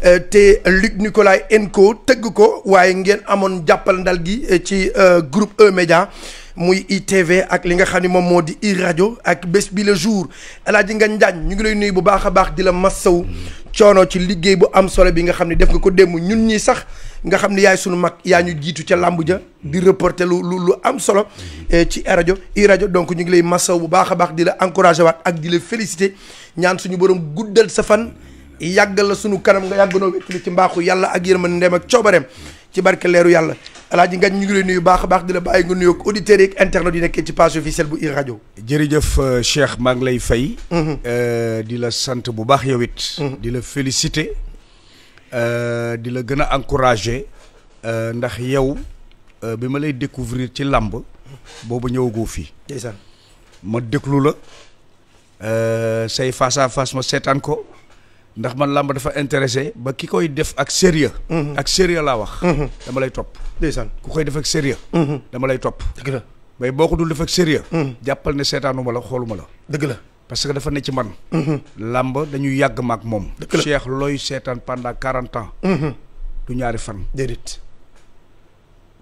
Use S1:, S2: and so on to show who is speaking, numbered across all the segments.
S1: Euh, te Luc Nicolaï Enco tëgg ko waaye ngeen amoon jàppal ndal gi euh, ci euh, groupe E-Média muy ITV ak li nga xam ne moom moo di i rajo ak bés bi le jour El Hadji nga Ndiagne ñu ngi lay nuyu bu baax a baax di la massaw coono ci liggéey bu am solo bi nga xam ne def nga ko démb ñun ñii sax nga xam ne yaay suñu mag yaa ñu jiitu ca làmb ja di reporter lu lu lu am solo ci rajo i donc ñu ngi lay massaw bu baax a baax di la encouragé waat ak di la félicité ñaan suñu borom guddal sa fan. yàgg la sunu kanam nga yàgg noo wéttali ci mbaaxu yàlla ak yërmande ndem ak coobareem ci barke leeru yàlla alaaji ngañ ñu ngi lay nuyu baax a baax di la bàyyi nga nuyu ak auditeurs yeeg internet yi nekkee ci page officielle bu i rajo jërëjëf euh, Cheikh maa ngi lay fay mm-hmm. euh, di la sant bu baax yow it mm-hmm. di la féliciter euh, di la gën a encourager ndax yow bi ma lay découvrir ci làmb boobu ñëwagoo fii ma déglu la say face à face ma seetaan ko ndax man làmb dafa intéressé ba ki koy def ak sérieux mhm. ak sérieux laa wax mhm. dama lay topp ndeysaan ku koy def ak sérieux mhm. dama lay topp dëgg la mais boo ko dul def ak sérieux jàppal ne seetaanuma la xooluma la dëgg la parce que dafa ne ci man làmb dañuy yàgg maak moom Cheikh looy seetaan pendant quarante ans du ñaari fan déedéet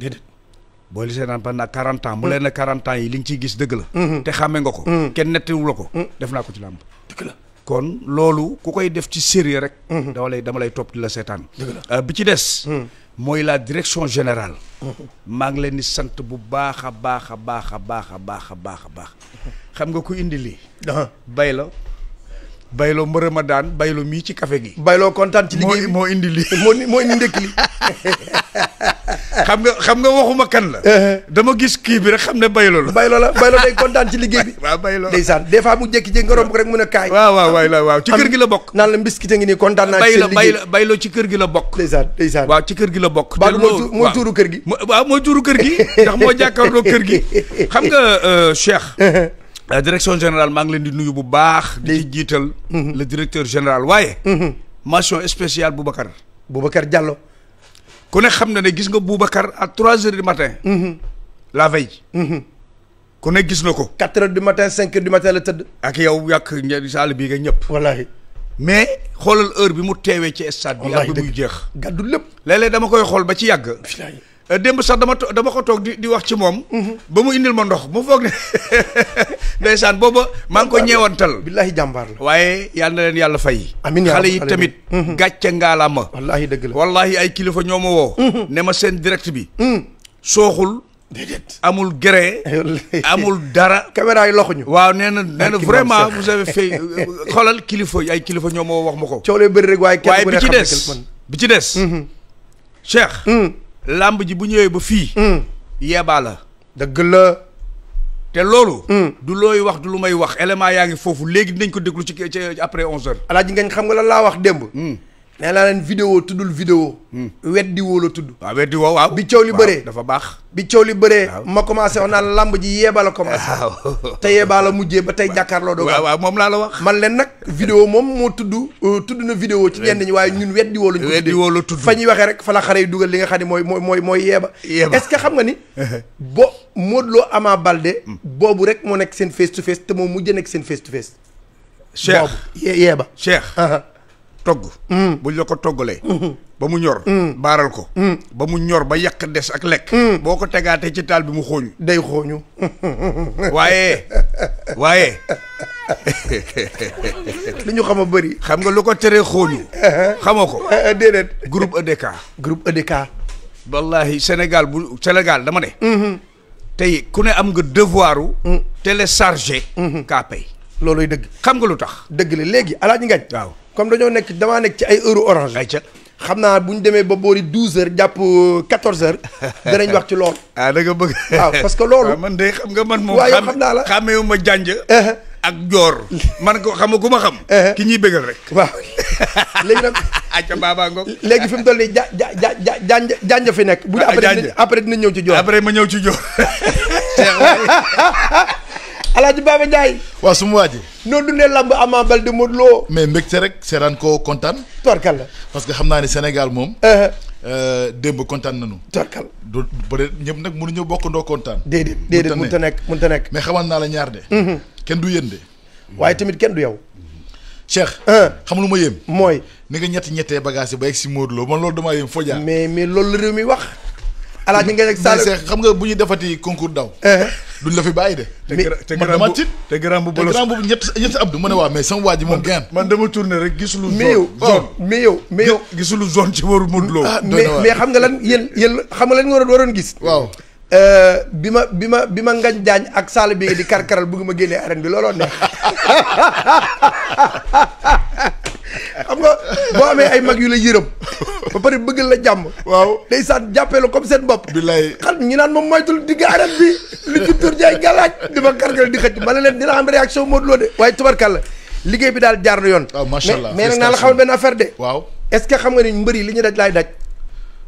S1: déedéet boo li seetaan pendant quarante ans mu leen na yi li nga ciy gis dëgg la te xàmme nga ko kenn nettiwu ko def naa ko ci làmb kon loolu ku koy def ci série rek. Mhm. dama lay dama lay topp di la seetaan. Euh, bi ci des. Mhm. mooy la direction général mhm. maa ngi leen di sant bu baax a baax a baax a baax a baax a baax a baax. xam nga ku indi lii. bay la bayloo mbërëma daan bayloo mii ci café gi. bayloo kontaan ci liggéey bi moo moo indi lii moo moo indi ndékki li xam nga xam nga waxuma kan la eh, eh. dama gis kii bi rek xam ne bayloo la bayloo la bayloo kontaan ci liggéey bi waaw bayloo ndeysaan des fois mu jékki-jékki nga romb rek mun a kaay waaw waaw la waaw ci kër gi la bokk naan la mbiskit a ngi nii kontaan naa ci seen liggéey bayloo ci kër gi la bokk ndeysaan ndeysaan waaw ci kër gi la bokk ba mooy tuuru kër gi waaw mooy tuuru kër gi ndax moo jàkkaarloo kër gi xam nga euh, Cheikh eh, euh, direction général maa ngi leen di nuyu bu baax di jiital mm-hmm. le directeur général waaye mm-hmm. mention spéciale Boubacar Boubacar Diallo kone xamna ne gis nga boubacar à 3h du matin mm -hmm. la veille mm -hmm. kone gis nako 4h du matin 5h du matin la teud ak yow yak ñal sal bi nga ñep wallahi mais xolal heure bi mu téwé ci stade bi ak bu jeex gadul lepp lélé dama koy xol ba ci yag wallahi Euh, démb sax dama to dama ko toog di wax ci moom. Mhm. ba mu indil ma ndox mu foog ne ndeysaan booba maa ngi ko ñeewantal. billaahi jàmbaar waaye yal na leen yàlla fay. amiin xale yi tamit. Mhm. gàcce ngaala ma. wallaahi dëgg ay kilifa ñoo ma woo. Mhm. ne ma seen direct bi. sooxul. déedéet amul gré amul dara. caméra loxo ñu waaw nee na nee na vraiment vous avez fait euh, euh, xoolal kilifa ay kilifa ñoo ma woo wax ma ko. coow lay bëri rek waaye. kenn ku ne bi ci des bi ci des. Cheikh. lamb ji bu ñëwee ba fii. Hmm. yeebaa la. dëgg la. te loolu. Hmm. du looy wax du lu may wax élément yaa ngi foofu dinañ ko déglu ci après 11h. alaaji ngeen xam nga lan laa wax nee naa leen vidéo tuddul vidéo hmm. weddi woo la tudd waaw weddi woo waaw bi coow li bëree dafa baax bi coow li bëree ma commencé wax naan lamb ji yeebaa la commencé te yeebaa la mujjee ba tey jàkkaarloo doo waaw moom laa la wax man leen nag vidéo moom moo tudd euh, tudd na vidéo ci leen ñi waaye ñun weddi woo lañ ko weddi woo la fa ñuy waxee rek fa la xare yi dugal li nga xam ne mooy mooy mooy mooy yeeba est que xam nga ni bo Modou Lo Ama Baldé hmm. boobu rek moo nekk seen face to face te moom mujj nekk seen face to face cheikh boobu togg mm. buñ la ko toggalee mm-hmm. ba mu ñor mm. baaral ko mm. ba mu ñor ba yàq des ak lekk boo ko tegaatee ci taal bi mu xooñu day xooñu waaye waaye li ñu xam a bëri xam nga lu ko teree xooñu xamoo ko eh, déedéet groupe EDK groupe EDK wallahi Sénégal bu Sénégal dama ne mm-hmm. tey ku ne am nga devoiru télécharger mm-hmm. kaa pay looloy dëgg xam nga lu tax dëgg la léegi alaaji ngañ comme dañoo nekk damaa nekk ci ay heure orange. xam naa bu ñu demee ba boori douze heures jàpp euh, quatorze heures. danañ wax ci lool ah da nga bëgg. waaw parce que loolu. man de xam nga man moom. xam naa la xàmmeewu ma jànj uh-huh. ak joor. man ko xam nga ma xam. Uh-huh. ki ñuy bëggal rek. waaw léegi nag. ayca baabaa léegi fi mu toll nii ja ja ja ja jànj jànj fi nekk. bu ah, après dinañ après dinañ ñëw ci joor. après ma ñëw ci joor. alaaji Baaba Ndiaye. waaw su ma
S2: waajee. noo dundee lamb Ama Baldé Modou Lo. mais mbégte rek seeraan koo kontaan. torkal la parce que xam naa ne Sénégal moom. Eh. Euh, démb kontaan nañu. torkal du peut-être ñëpp nag mënuñoo bokkandoo kontaan. déedéet déedéet mënut a nekk mënut a nekk. mais xamal naa la ñaar de. Mhm. kenn du yéen de. waaye tamit kenn du yow. Cheikh. Eh. xam lu ma yéem. mooy ni nga ñetti ñettee bagage yi ba egg si Modou man loolu damaa yéem foo jaar. mais mais loolu la réew alaaji nga nekk Sall xam nga bu ñu defati concours daw. Eh. duñ la fi bàyyi de. te grand bu te grand bu bolos te grand bu
S1: ñett ñett abdu ma ne waa mais sama waa ji moom gën. man dama tourné rek gisulu. zone zone oh, mais yow mais yow. gisulu zone ci waru Modou Lo. Ah, mais xam nga lan yéen yéen xam nga lan nga waroon gis. waaw. Euh, bi ma bi ma bi ma ngañ jaañ ak Sall bi di karkaral bëgg ma génnee arène bi looloo neex. am nga boo amee ay mag yu la yërëm ba pare bëggal la jàmm. waaw day saan jàppee la comme seen bopp. billaay xam ñu naan moom moytul digg arène bi li culture jaay galaaj di ma karkal di xëcc bala leen dina am réaction Modou Lo de. waaye tubarkalla liggéey bi daal jaar na yoon. waaw ah, macha allah naa la a benn affaire de. waaw est ce que xam nga ni mbër yi li ñu daj laay daj.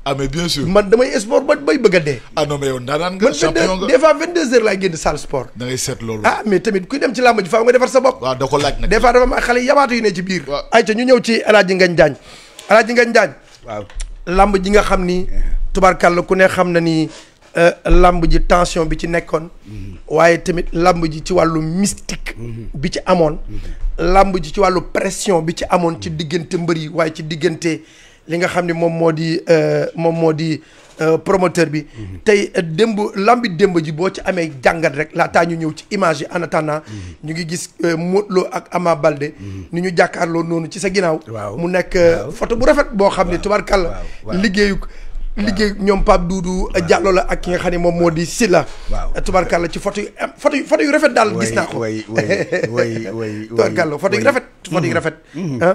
S1: ah mais bien sûr man damay sport ba bay bëgg a ah non mais yow ndaanaan nga champion nga des fois 22h laay génn salle sport.
S2: da ngay seet loolu. ah
S1: mais tamit ku dem ci lamb ji fa nga defar sa bopp. Wa da ko laaj nag. des fois dafa am xalé xale yabaatu yu ne ci biir. waaw ayca ñu ñëw ci El Hadj Ngagne Diagne El Hadj Ngagne Diagne. waaw làmb ji nga xamni ni. ku ne xam na ni euh lamb ji tension bi ci nekkoon. Mhm. waaye tamit lamb ji ci walu mystique. Mhm. bi ci amone. Mhm. Lamb ji ci walu pression bi ci amone ci diggante mbër yi waaye ci diggante. li nga xam ne moom moo di euh, moom moo di euh, promoteur bi mhm. tey euh, démb lambi démb ji boo ci amee jàngat rek laataa ñu ñëw ci image yi mhm. ñu ngi gis Modou ak Ama Baldé mhm. ni ñu jàkkaarloo noonu ci sa ginnaaw mu nekk photo bu rafet boo xam ne tubaarkàlla liggéeyu liggéey ñoom Pape Doudou Diallo la ak ki nga xam ne moom moo di Silla tubaarkàlla ci photo yu am photo yu photo yu rafet daal gis naa ko tubaarkàlla photo yu rafet photo yu rafet ah.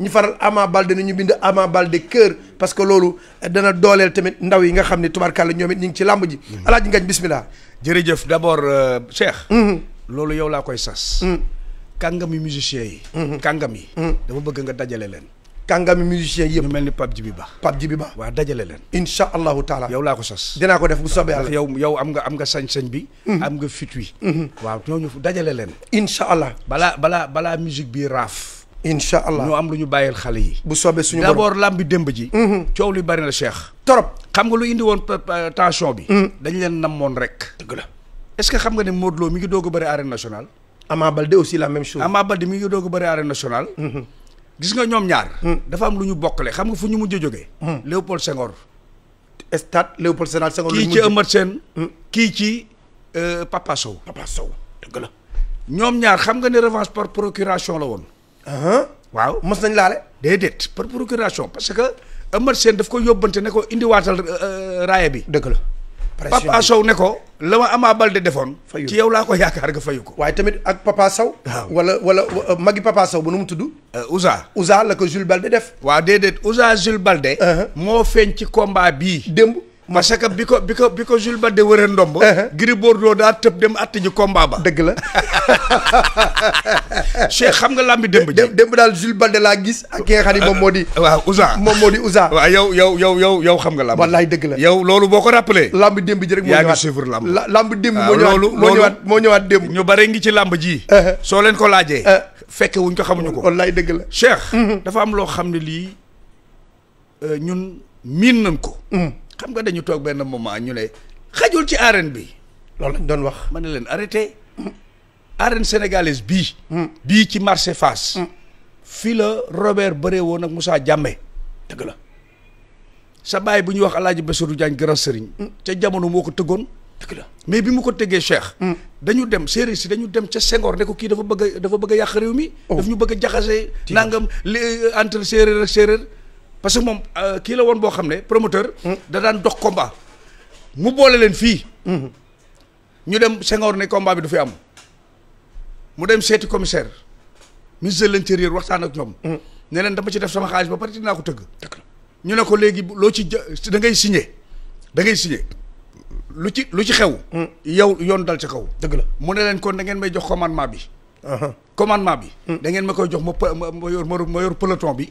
S1: ñu faral Ama Baldé na ñu bind Ama Baldé cœur parce que loolu dana dooleel tamit ndaw yi nga xam ne tubaarkàlla ñoom ni ñu ngi ci làmb ji mm-hmm. alaaji ngañ bismillah jërëjëf d'abord euh, Cheikh mm-hmm. loolu yow laa koy sas mm-hmm. kàngami musicien yi kàngam yi dama bëgg nga dajale leen kàngami musicien yëpp ñu mel ni Pape Djibi Ba Pape Djibi Ba waaw dajale leen insha allahu taala yow laa ko sas dinaa def bu soobee yàlla yow yow am nga am nga sañ-sañ bi am nga fit wi waaw ñooñu dajale leen insha allah balaa balaa balaa musique bii raaf incha allah am lu ñu bàyyil xale yi. bu soobee suñu borom d'abord làmb bi démb ji. Mhm. coow li bari na Cheikh. torop xam nga lu indi woon tension bi. Mhm. dañ leen nam moon rek. dëgg la est-ce que xam nga ne Modou mi ngi doog a bëri arène nationale. aussi la même chose. Ama Baldé ngi doog a bëri arène mhm. gis nga ñoom ñaar. dafa am lu ñu bokkale xam nga fu ñu mujj a jógee. Léopold Senghor. stade Léopold Sédar Senghor. kii ci Eumeu Sène. kii ci euh, Papa Sow. Papa Sow la. ñoom ñaar xam nga ne revanche por procuration la woon. waaw mës nañ laale déedéet par procuration parce que Eumeu Sène daf ko yóbbante ne indiwaatal euh, euh, raaya bi dëgg la Papa Sow ne ko la ma Ama Baldé defoon ci yow laa ko yaakaar nga fayu ko waaye tamit ak Papa Sow wala wala euh, magi Papa Sow bu nu mu tudd Ousa Ousa la ko Jules Baldé def waaw déedéet Ousa Jules Baldé uh-huh. moo feeñ ci combat bii démb parce que bi ko bi ko bi ko Jules Baldé wëree ndomb. Uh-huh. Gris Bordeaux daa tëb dem att ji combat ba. dëgg la. Cheikh xam nga làmbi démb ji. démb daal Jules Baldé laa gis ak ki nga xam di. waaw Ousa moom moo di uh-huh. uh-huh. Ousa. waaw yow yow yow yow yow xam nga làmb. wallaay dëgg la yow loolu boo ko rappelé. làmbi démb ji rek moo ñëwaat yaa ngi suivre làmb. la làmbi démb moo ñëwaat moo ñëwaat moo ñëwaat ñu bare ngi ci làmb ji. soo leen ko laajee. fekke wuñ xamuñu ko. wallaay dëgg la Cheikh. Mm-hmm. dafa am loo xam ne lii euh, ñun miin nañ ko mm-hmm. xam nga dañu tok ben moment ñu né xajul ci arène bi. loolu lañ doon wax. mané len arrêté. arène sénégalaise bi bi ci marché face fi la Robert Béré won ak Moussa Diame. deug la. sa bay buñ wax El Hadj Bassirou Diagne grand serigne ca jamono moko teggone deug la mais bi mu ko teggé Cheikh. Hmm. dañu dem séeréer ci dañu dem ci sengor ne ko ki dafa bëgg dafa bëgg yak yàq réew mi. Oh. daf ñu bëgg a nangam euh, entre séeréer ak séeréer. parce que moom euh, kii la woon boo xam ne promoteur. Hmm. da daan dox combat. mu boole leen fii. Hmm. ñu dem Senghor ne combat bi du fi am. mu dem seeti commissaire ministre de l'intérieur waxtaan ak ñoom. Hmm. ne leen dama ci def sama xaalis ba pare dinaa ko tëgg. ñu ne ko léegi loo ci da ngay signé da ngay signé lu ci lu ci xew. yow yoon dal ci kaw. dëgg la mu ne leen kon da ngeen may jox commandement bi. commandement bi. da ngeen ma koy jox ma ma yor ma yor peloton bi.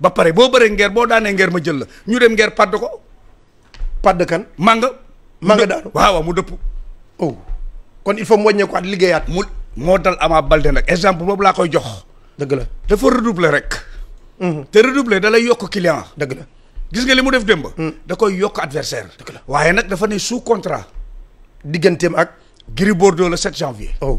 S1: ba pare boo bëree ngeer boo daanee ngeer ma jël la ñu dem ngeer padd ko. padd kan. màng màng daanu waaw mu dëpp. oh kon il faut mu wàññeekuwaat liggéeyaat. mu moo dal Ama Balde nag exemple boobu laa koy jox. dëgg la dafa redoubler rek. Mm-hmm. te redoubler dalay yokk client. dëgg la gis nga li mu def démb. Mm. da koy yokk adversaire dëgg la waaye nag dafa ne sous contrat. digganteem ak. Gris Bordeaux le 7 janvier. Oh.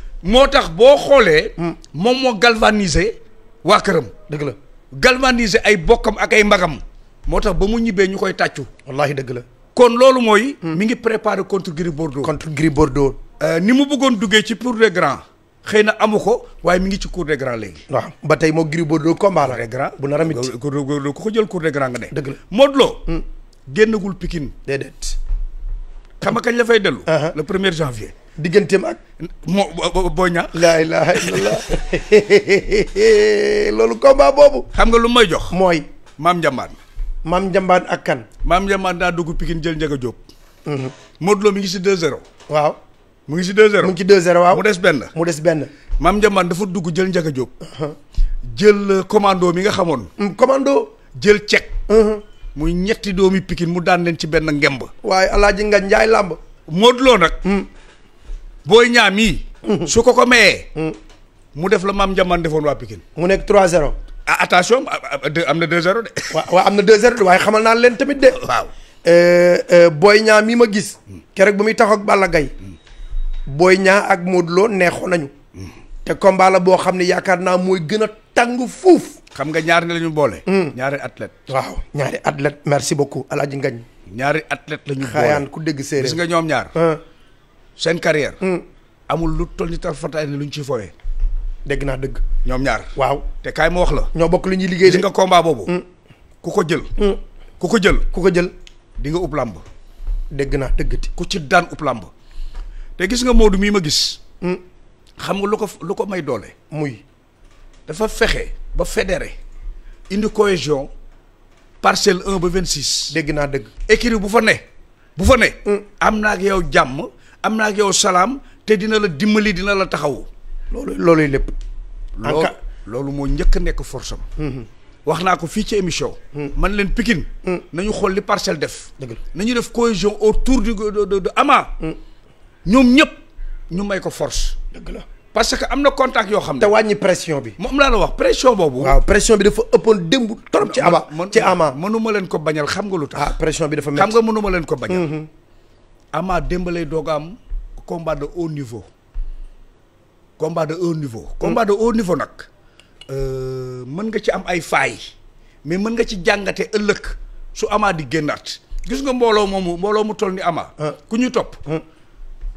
S1: moo tax boo xoolee. Hmm. moom moo galvaniser waa këram. dëgg la galvaniser ay bokkam ak ay mbagam. moo tax ba mu ñibbee ñu koy tàccu. wallaahi dëgg la. kon loolu mooy. Hmm. mi ngi préparer contre Gris Bordeaux. contre Gris Bordeaux. Euh, ni mu bëggoon duggee ci pour des grands. xëy na amu ko waaye mi ngi ci cour des grands léegi. waaw ba tey moo Gris Bordeaux combat la. grand bu nar a mit ko ko jël cour des grands nga de. dëgg la Modou Lo. Hmm. génnagul pikin déedéet. xam kañ la fay dellu. Uh-huh. le premier janvier. digganteem ak. moo bo boo ñaax. laa ilaha illallah loolu combat boobu. xam nga lu may jox. mooy Mam Njambaan. maam Njambaan ak kan. maam Njambaan daa dugg Pikine jël Ndiaga Diop. Mhm. Modou Lo mi ngi si 2-0. waaw mu ngi si 2-0. mu ngi ci 2-0 waaw mu des benn. mu des benn. maam Njambaan dafa dugg jël Ndiaga Diop. Uh-huh. jël euh, commando mi nga xamoon. Mm, commando. jël cek. Uh-huh. muy ñetti doomi Pikine mu daan leen ci benn ngemb. waaye El Hadj Ngagne Ndiaye làmb. Modou Lo booy ñaam yi. su ko ko mayee. mu def la maam Ndiamane defoon waa Pikine. mu nekk trois 0 ah attention ah, ah, am na 2-0 de. waaw waaw am na 2-0 de waaye xamal naa leen tamit de. waaw. Eh, eh, booy ñaam yi ma gis. keroog bu muy tax ak Balla Gaye booy ñaar ak Modou Lo neexoon nañu. Mm-hmm. te combat la boo xam ne yaakaar naa mooy gën a tàng fuuf. xam nga ñaar ne la ñu boole. Mm. ñaari athlète. waaw ñaari athlète merci beaucoup El Hadj ñaari athlète la ñu boole xaayaan ku dégg séeréer gis nga ñoom ñaar. seen carrière. Hmm. amul lu toll ni tarfataay lu ñu ci fowee. dégg naa dëgg. ñoom ñaar waaw. te kaay ma wax la. ñoo bokk lu ñuy liggéey. gis nga combat boobu. Hmm. ku ko jël. Hmm. ku ko jël. ku ko jël di nga ub làmb. dégg naa dëggati. ku ci daan ub làmb. te gis nga Modou mii ma gis. xam nga lu ko lu ko may doole. muy dafa fexe ba fédéré. indi cohésion parcelle un ba vingt six. dégg naa dëgg. écurie bu fa ne. bu fa ne. am naa yow jàmm. am naa ak yow salaam te dina la dimbali dina la taxaw loolu looluy lépp loo loolu moo njëkk nekk force am mhm. wax naa ko fii ci émission mhm. man leen Pikine mhm. nañu xool li parcelle def nañu def cohésion autour du de Ama ñoom ñëpp ñu may ko force dëgg la parce que am na contact yoo xam ne. te wàññi pression bi. moom laa la wax pression boobu. waaw pression bi dafa ëppoon démb trop. ci ama ci ama mënuma leen ko bañal xam nga lu tax. ah pression bi dafa métti xam nga mënuma leen ko bañal. Ama Demba lay doog am combat de niveau combat au niveau. Mm. combat au niveau nag euh, mën nga ci am ay faay mais mën nga ci jàngate ëllëg su amaa di génn at gis nga mbooloo moomu mbooloo mu toll ni Ama. Ah. ku ñuy topp. Ah.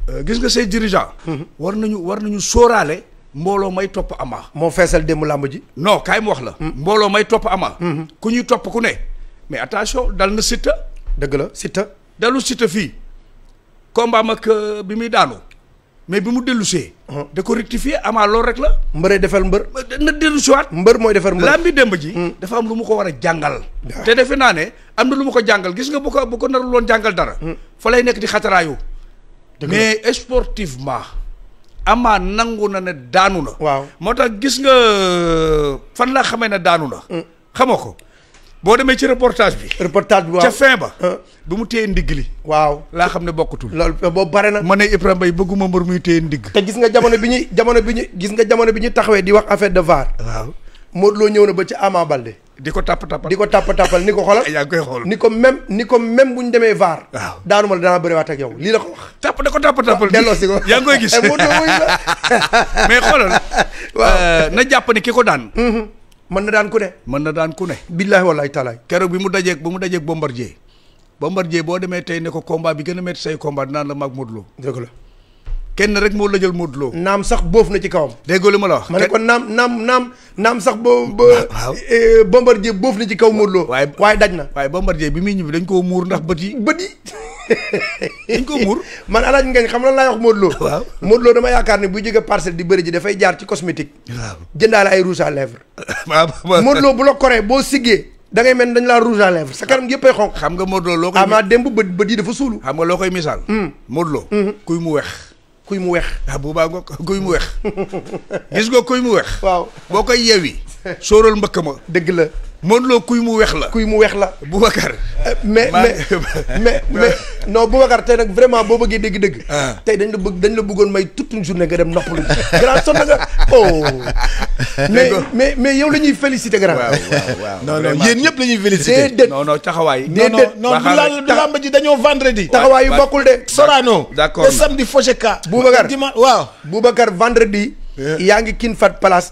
S1: Euh, gis nga say dirigeant. Mm-hmm. war nañu war nañu sooraale mbooloo may topp amaa moo feesal démb làmb ji. non kaay mu wax la. Mm-hmm. mbooloo may topp Ama. Mm-hmm. ku ñuy topp ku ne. mais attention dal na Siteu. dëgg la Siteu. dalu Siteu fii. combat am ak euh, bi muy daanu mais bi mu dellusee uh-huh. da ko rectifier amaa loolu rek la mbëree defal mbër na dellusiwaat mbër mooy defar mbër laa mbi démb ji hmm. dafa am lu mu ko war a jàngal te defe naa ne am na lu mu ko jàngal gis nga bu ko bu ko narul woon jàngal dara hmm. fa lay nekk di xataraayu mais sportivement amaa nangu na ne daanu na waaw moo tax gis nga euh, fan laa xamee ne daanu na hmm. xama ko boo demee ci reportage bi. reportage bi waaw ca fin ba. bi mu téye ndigg li. waaw laa xam ne bokkutul. loolu euh, boo bare na. ma ne Ibrahima Mbaye bëgguma mbër muy téye ndigg. te gis nga jamono bi ñuy jamono bi ñu gis nga jamono bi ñu taxawee di wax affaire de VAR. waaw Modou Lo ñëw na ba ci Ama Baldé. di ko tàpp tàppal di ko tàpp tàppal ni ko xoolal. yaa ngi koy xool ni ko même ni ko même bu ñu demee VAR. waaw daanu ma la danaa bëriwaat ak yow lii la ko wax. tàpp da ko tàpp tàppal. Ah, delloo si ko yaa ngi koy gis. Eh, mais xoolal. waaw euh, na jàpp ne ko daan. Mm-hmm. mën na daan ku ne. mën na daan ku ne. billahi wallahi taalaay. keroog bi mu dajeeg ba mu bombar dajeeg bombardier bombardier boo demee tey ne ko combat bi gën a métti say combat naan la mag Modou Lo. dëgg la. kenn rek moo lëjal Modou Lo naam sax boof na ci kawam déggoo li ma la wax ma ne ko naam naam naam naam sax ba ba eh, eh, Bombardier boof na ci kaw Modou Lo waaye waaye daj na waaye Bombardier bi muy ñibbi dañ koo muur ndax bët yi bët yi dañ ko muur man alaaj xam lan laay wax Modou Lo waaw Modou Lo dama yaakaar ne buy jóge parcelle di bëri ji dafay jaar ci cosmétique waaw jëndaale ay rouge à lèvres waaw Modou Lo bu la koree boo siggee da ngay mel dañ laa rouge à lèvres sa kanam yëppay xonq xam nga Modou Lo loo koy ama démb bët bët yi dafa suulu xam nga loo koy misaal hmm. Modou Lo hmm. kuy mu weex kuy mu weex. waaw ah, bu baax nga kuy mu weex gis nga kuy mu weex. waaw yewi sóoral mbëkk ma. dëgg la Modou Lo kuy mu weex la. kuy mu weex la. Boubacar. Euh, mais mais mais mais non Boubacar tey nag vraiment boo bëggee dégg-dëgg. Ah. tey dañ la bëgg dañ la bëggoon may toute une journée nga dem noppalu. grand sonn nga oh. mais mais yow la ñuy félicité grand. waaw waaw non non yéen ñëpp la ñuy félicité. déedéet non non taxawaay. non non non du làmb ji dañoo vendredi. taxawaay yu bokkul de. Sorano. d'accord le samedi Fogeca. Boubacar dimanche waaw. Boubacar vendredi. yaa ngi King Fahd Palace.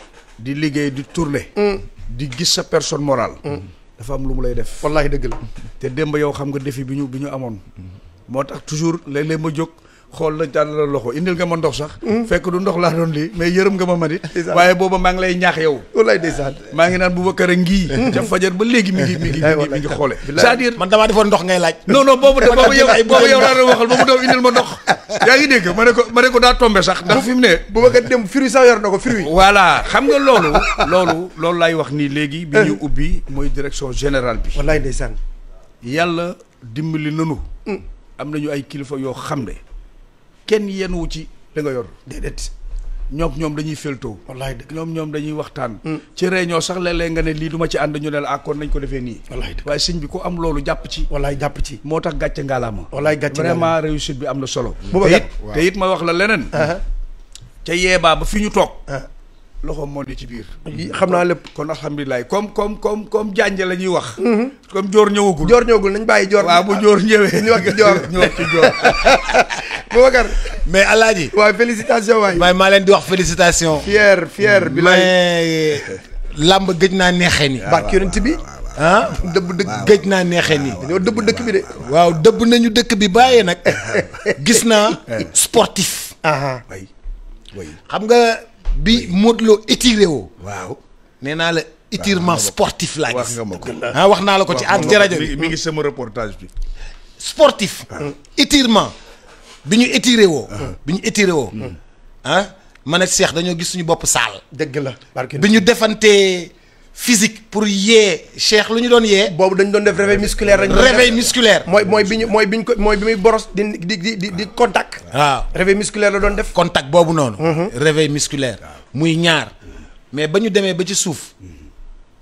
S1: di liggéey di tourner. Mm. di gis sa personne morale. Mm. dafa am lu mu lay def. wallaahi dëgg la. te démb yow xam nga défi bi ñu bi ñu amoon. Mm. moo tax toujours léeg-léeg ma jóg. xool la tàllal loxo indil nga ma ndox sax hmm? fekk du ndox laa doon lii mais yërëm nga ma manit waaye booba maa ngi lay ñaax yow wallaay ndeysaan maa ngi naan Boubacar a ngii hmm. ca fajar ba léegi mi ngi mi ngi mi ngi xoole c'est-à-dire man damaa defoon ndox ngay laaj non boobu boobu boobu yow laa doon waxal ba mu daw indil ma ndox yaa ngi dégg ma ne ko ma ne ko daa tombé sax ndax fi mu ne Boubacar dem fruit sax yor na ko fruit voilà xam nga loolu loolu loolu laay wax nii léegi bi ñu eh. ubbi mooy direction générale bi wallaay ndeysaan yàlla dimbali nanu hmm. am nañu ay kilifa yoo xam ne kenn yenuwu ci da nga yor déedéet ñoom ñoom dañuy feltoo wallaay dëgg ñoom ñoom dañuy waxtaan mm. ci réunion sax léeg-léeg nga ne lii du ma ci ànd ñu ne la accord ah, nañ ko defee nii wallaay dëgg waaye sëñ bi ku am loolu jàpp ci wallaay jàpp ci moo tax gàcce ngaalaama wallaay gàcce vraiment réussite bi am na solo mm. te it te it ma wax la leneen uh-huh. ca yeebaa ba fi ñu toog uh-huh. loxo moo ne ci biir. Mm-hmm. xam naa lépp kon alhamdulilah comme comme comme comme jànje la ñuy wax. Mm-hmm. comme joor ñëwagul. joor ñëwagul nañ bàyyi joor. waaw bu joor ñëwee. ñu wax ci joor ñu wax ci joor. mais alaaji waaw félicitation waay. waaye
S2: leen di wax félicitation. fier fier mm-hmm. bi laay làmb gëj naa neexee nii. barke yonent bi. ah dëbb dëkk géej naa neexee ni dañoo dëbb dëkk bi de. waaw dëbb nañu dëkk bi bàyyee nag gis naa eh. sportif. Ah, ah. xam nga. bi Modou Lo étiré woo. waaw nee la étirement sportif laa gis. wax nga ma ko ah wax naa la ko ci ànd rajo bi mi
S1: ngi sama reportage
S2: bi. sportif. Ah. étirement bi ñu étiré woo. Ah. bi étiré woo. Hmm. ah man ak Cheikh dañoo gis suñu bopp saal. dëgg la physique pour y Cheikh luñu don yé bobu boobu dañu def réveil musculaire réveil musculaire. moy moy biñ moy biñ moy bi muy boros di di di contact. réveil musculaire la don def. contact bobu non mhm. réveil musculaire. muy ñaar mais bañu démé mes ba ci souf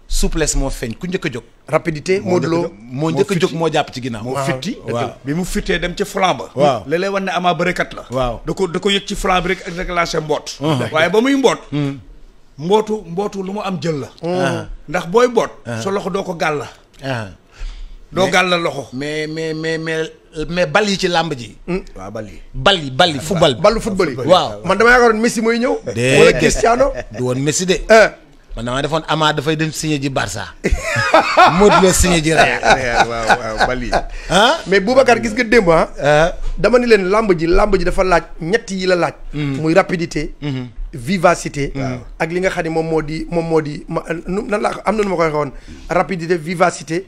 S2: souplesse
S1: mon feñ ku njëkk a rapidité mode loo moo njëkk mo japp ci ginaaw mo fitti bi mu fitté dem ci flanc ba. la lay wone ama barakat la. waaw da ko da ko ci rek ak rek mhm. ba muy mhm. mbootu mbootu lu mu am jël la. Ah. ndax booy boot. Ah. sa loxo doo ko gàll. Ah. doo gàll loxo. mais mais mais mais
S2: mais bal yi ci làmb ji. Hmm. waaw bal yi. bal yi bal yi football bi. balu football yi waaw. man dama yaakaaroon mooy ñëw. wala Cristiano. du woon Messi de. Eh. man damaa defoon Ama dafay dem signé ji Barça
S1: Modou Lo signé ji Real. waaw waaw bal mais Boubacar gis nga démb ah. Eh. dama ni leen làmb ji làmb ji dafa laaj ñett yi la laaj. Hmm. muy rapidité. Hmm. vivacité. ak li nga xam ne moom moo di moom moo di ma nan laa am na nu ma ko waxee woon rapidité vivacité.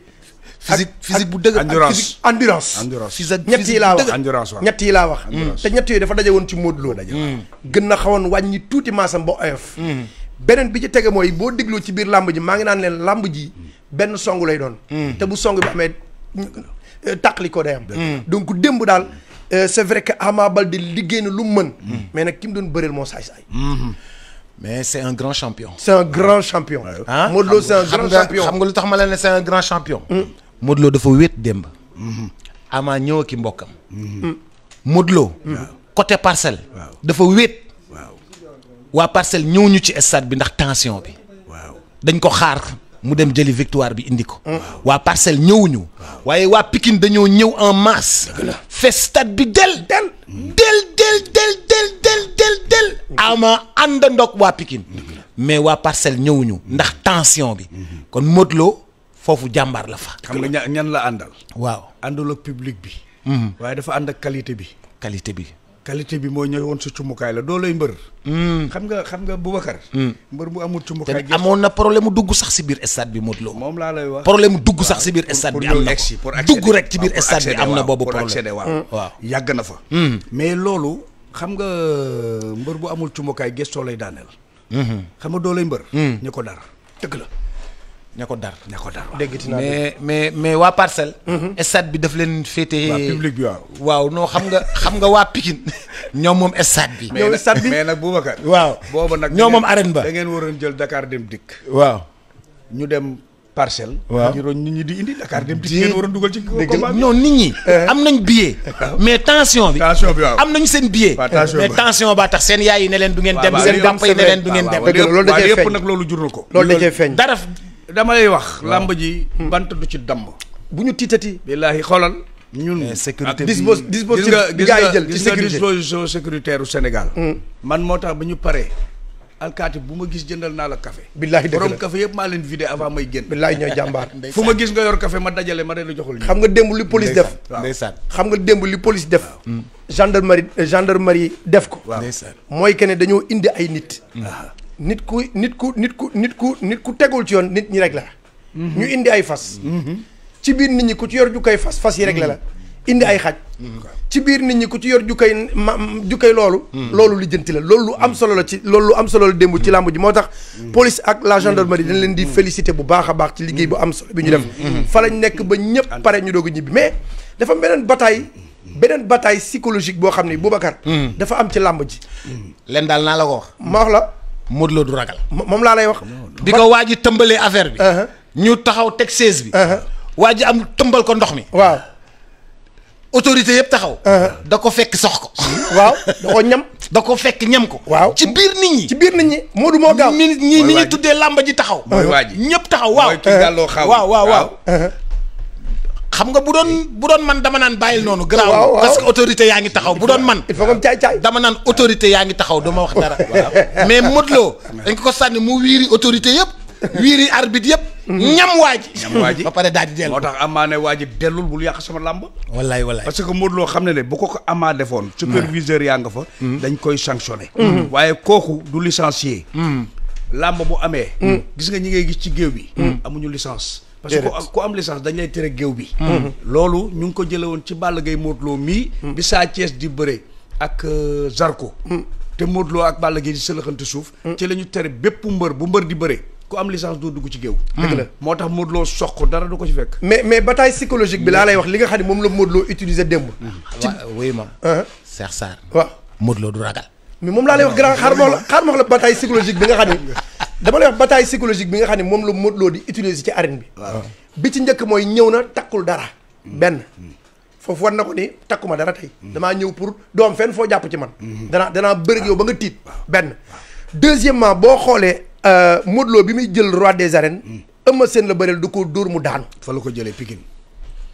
S1: physique physique bu dëgg endurance endurance physique ñett yi laa wax endurance ñett yi laa wax te ñett yooyu dafa daje woon ci Modou Lo daje hmm. gën na xawoon wàññi tuuti maasam ba oyof hmm. beneen bi ci tege mooy boo dégloo ci biir làmb ji maa ngi naan leen làmb ji benn song lay doon hmm. te bu song bi amee tàqli ko day am donc démb daal Euh, c'est vrai que Ama de ligue na lu mm. mais nag ki mu doon bëreel moo
S2: mm-hmm. mais c'est un grand champion.
S1: c'est un grand champion. Ah, modlo c'est un grand champion
S2: xam nga c'est un grand champion. modlo de dafa 8 démb. Mm-hmm. Ama ñëw ki mbokkam. Mm-hmm. Mm. Mm. côté parcelle. dafa wéet. ou à parcelle ñëw ñu ci stade bi ndax tension bi. waaw dañ ko xaar mu dem jëli victoire bi indi ko. waa parcelle ñewuñu waye wa Pikine dañu ñew en masse. fait stade bi del. del del del del del del del. ama andandok wa Pikine. mais wa parcelle ñewuñu ndax tension bi. kon
S1: modlo fofu jambar la fa. xam nga ñan la andal. waaw àndul public bi. Mhm. waye dafa and ak qualité bi. qualité bi. qualité bi mooy ñëwoon sa cumukaay la doo lay mbër. Hmm. xam nga xam nga Boubacar. Hmm. mbër bu amul cumukaay. te amoon na problème mu dugg sax si biir stade bi Modou Lo. moom laa lay wax problème dugg
S2: sax bi. am na ko dugg rek ci biir stade na boobu problème hmm.
S1: waaw yàgg na fa. loolu xam nga mbër bu amul cumukaay gëstoo lay daaneel. xam nga doo lay mbër. ñu ko dara dëgg la. ña ko dar
S2: ña ko dar mais mais mais waa parcelle. Mhm. stade bi daf leen féete. waaw. waaw xam nga xam nga waa Pikine ñoom moom stade bi. ñoom stade bi mais
S1: nag Boubacar. waaw booba nag ñoom moom arène ba. da ngeen waroon jël Dakar dem dikk. waaw ñu dem parcelle. waaw ñu doon nit ñi di indi Dakar dem dikk eh. am nañ billet.
S2: mais tension bi. am nañ seen billet. mais tension ba tax seen yaay yi du ngeen dem. seen papa yi ne du ngeen dem. waaw waaw
S1: dama lay wax. làmb ji. Hmm. bant du ci damb. bu ñu tiitati. billaahi xoolal. ñun eh, sécurité bi dispositif bi gars yi jël ci sécurité disposition sécuritaire u Sénégal. Hmm. man moo tax ba ñu paree. alkaati bu ma gis jëndal naa la café billaay dëgg la borom café yëpp maa leen vidé avant may génn billaay ñooy jàmbaar fu ma gis nga yor kafe ma dajale ma de la joxul xam nga démb li police def ndeysaan xam nga démb li police def hmm. gendarmerie gendarmerie def ko waaw mooy que ne dañoo indi ay nit nit ku nit ku nit ku nit ku nit ku tegul ci yoon nit ñi rek la mhm. ñu indi ay fas mhm. ci biir nit ñi ku ci yor jukkay fas fas yi rek la la mhm. indi ay xaj ci biir nit ñi ku ci yor jukkay ma jukkay loolu loolu lijjanti la loolu lu am solo la ci loolu lu am solo la démb ci làmb ji moo tax police ak la gendarmerie dañ leen di féliciter bu baax a baax ci liggéey bu am solo bi ñu def fa lañ nekk ba ñëpp pare ñu doog a ñibbi mais dafa beneen bataille beneen bataille psychologique boo xam ne Boubacar dafa am ci làmb ji leen daal naa la ko wax
S2: ma la Modou Lo du ragal. moom laa lay wax. bi ko waa ji tëmbalee affaire bi. Uh-huh. ñu taxaw teg seize bi. Uh-huh. waa ji am tëmbal ko ndox mi. waaw autorité yëpp taxaw. Uh-huh. da ko fekk sox ko. waaw da ko ñam. da ko fekk ñam ko. waaw ci biir nit ñi. ci biir nit ñi moo gaaw. mooy waa ji ñi ñi ñuy tuddee làmba ji taxaw. mooy waa ji ñëpp taxaw waaw. waaw waaw waaw. xam nga bu doon bu doon man dama naan bàyyil noonu. garaaw parce que autorité yaa ngi taxaw bu doon man. il faut que caay caay dama naan autorité yaa ngi taxaw dama wax dara. mais Modou Lo dañ ko sànni mu wiiri autorité yëpp. wiiri arbitre yëpp. ñam waa ji. ñam waa ji
S1: ba pare daal di dellu. moo tax waa ji dellul bul yàq sama làmb. wallaay wallaay parce que Modou Lo xam ne ne bu ko ko Ama defoon. Mm. superviseur yaa nga fa. Mm. dañ koy sanctionné. Mm. waaye kooku du licencié. làmb bu amee. gis nga ñi ngay gis ci géew bi. amuñu licence. parce que ku am licence dañ lay tere géew bi hmm. loolu ñu ngi ko jële woon ci Balla Gaye Modou Lo mii hmm. bi Sa cees di bëre ak euh, Zarko hmm. te Modou Lo ak Balla Gaye di sëlëxante suuf ci la ñu tere bépp mbër bu mbër di bëre ku am licence doo dugg ci géew dëgg la moo tax Modou Lo soq dara du ko ci fekk mais mais bataille psychologique bi laa lay wax li nga xam ne moom la Modou Lo utiliser démb
S2: ci wuyu ma Cheikh Sarr waaw Modou Lo du ragal
S1: mais moom laa lay wax grand xaar ma wax bi nga xam ne dama lay wax bataille psychologique bi nga xam ne moom la Modou Lo di utiliser ci arène bi. bi ci njëkk mooy ñëw na takkul dara. benn foofu war na ko ni takkuma dara tey. Mm. damaa ñëw pour doom fenn foo jàpp ci man. Mm-hmm. danaa danaa bëri yow ba nga tiit. benn deuxièmement boo xoolee euh, Modou Lo bi muy jël roi des arènes. Mm. Eumeu seen la bëreel du koo dóor mu daanu. fa la ko jëlee Pikine.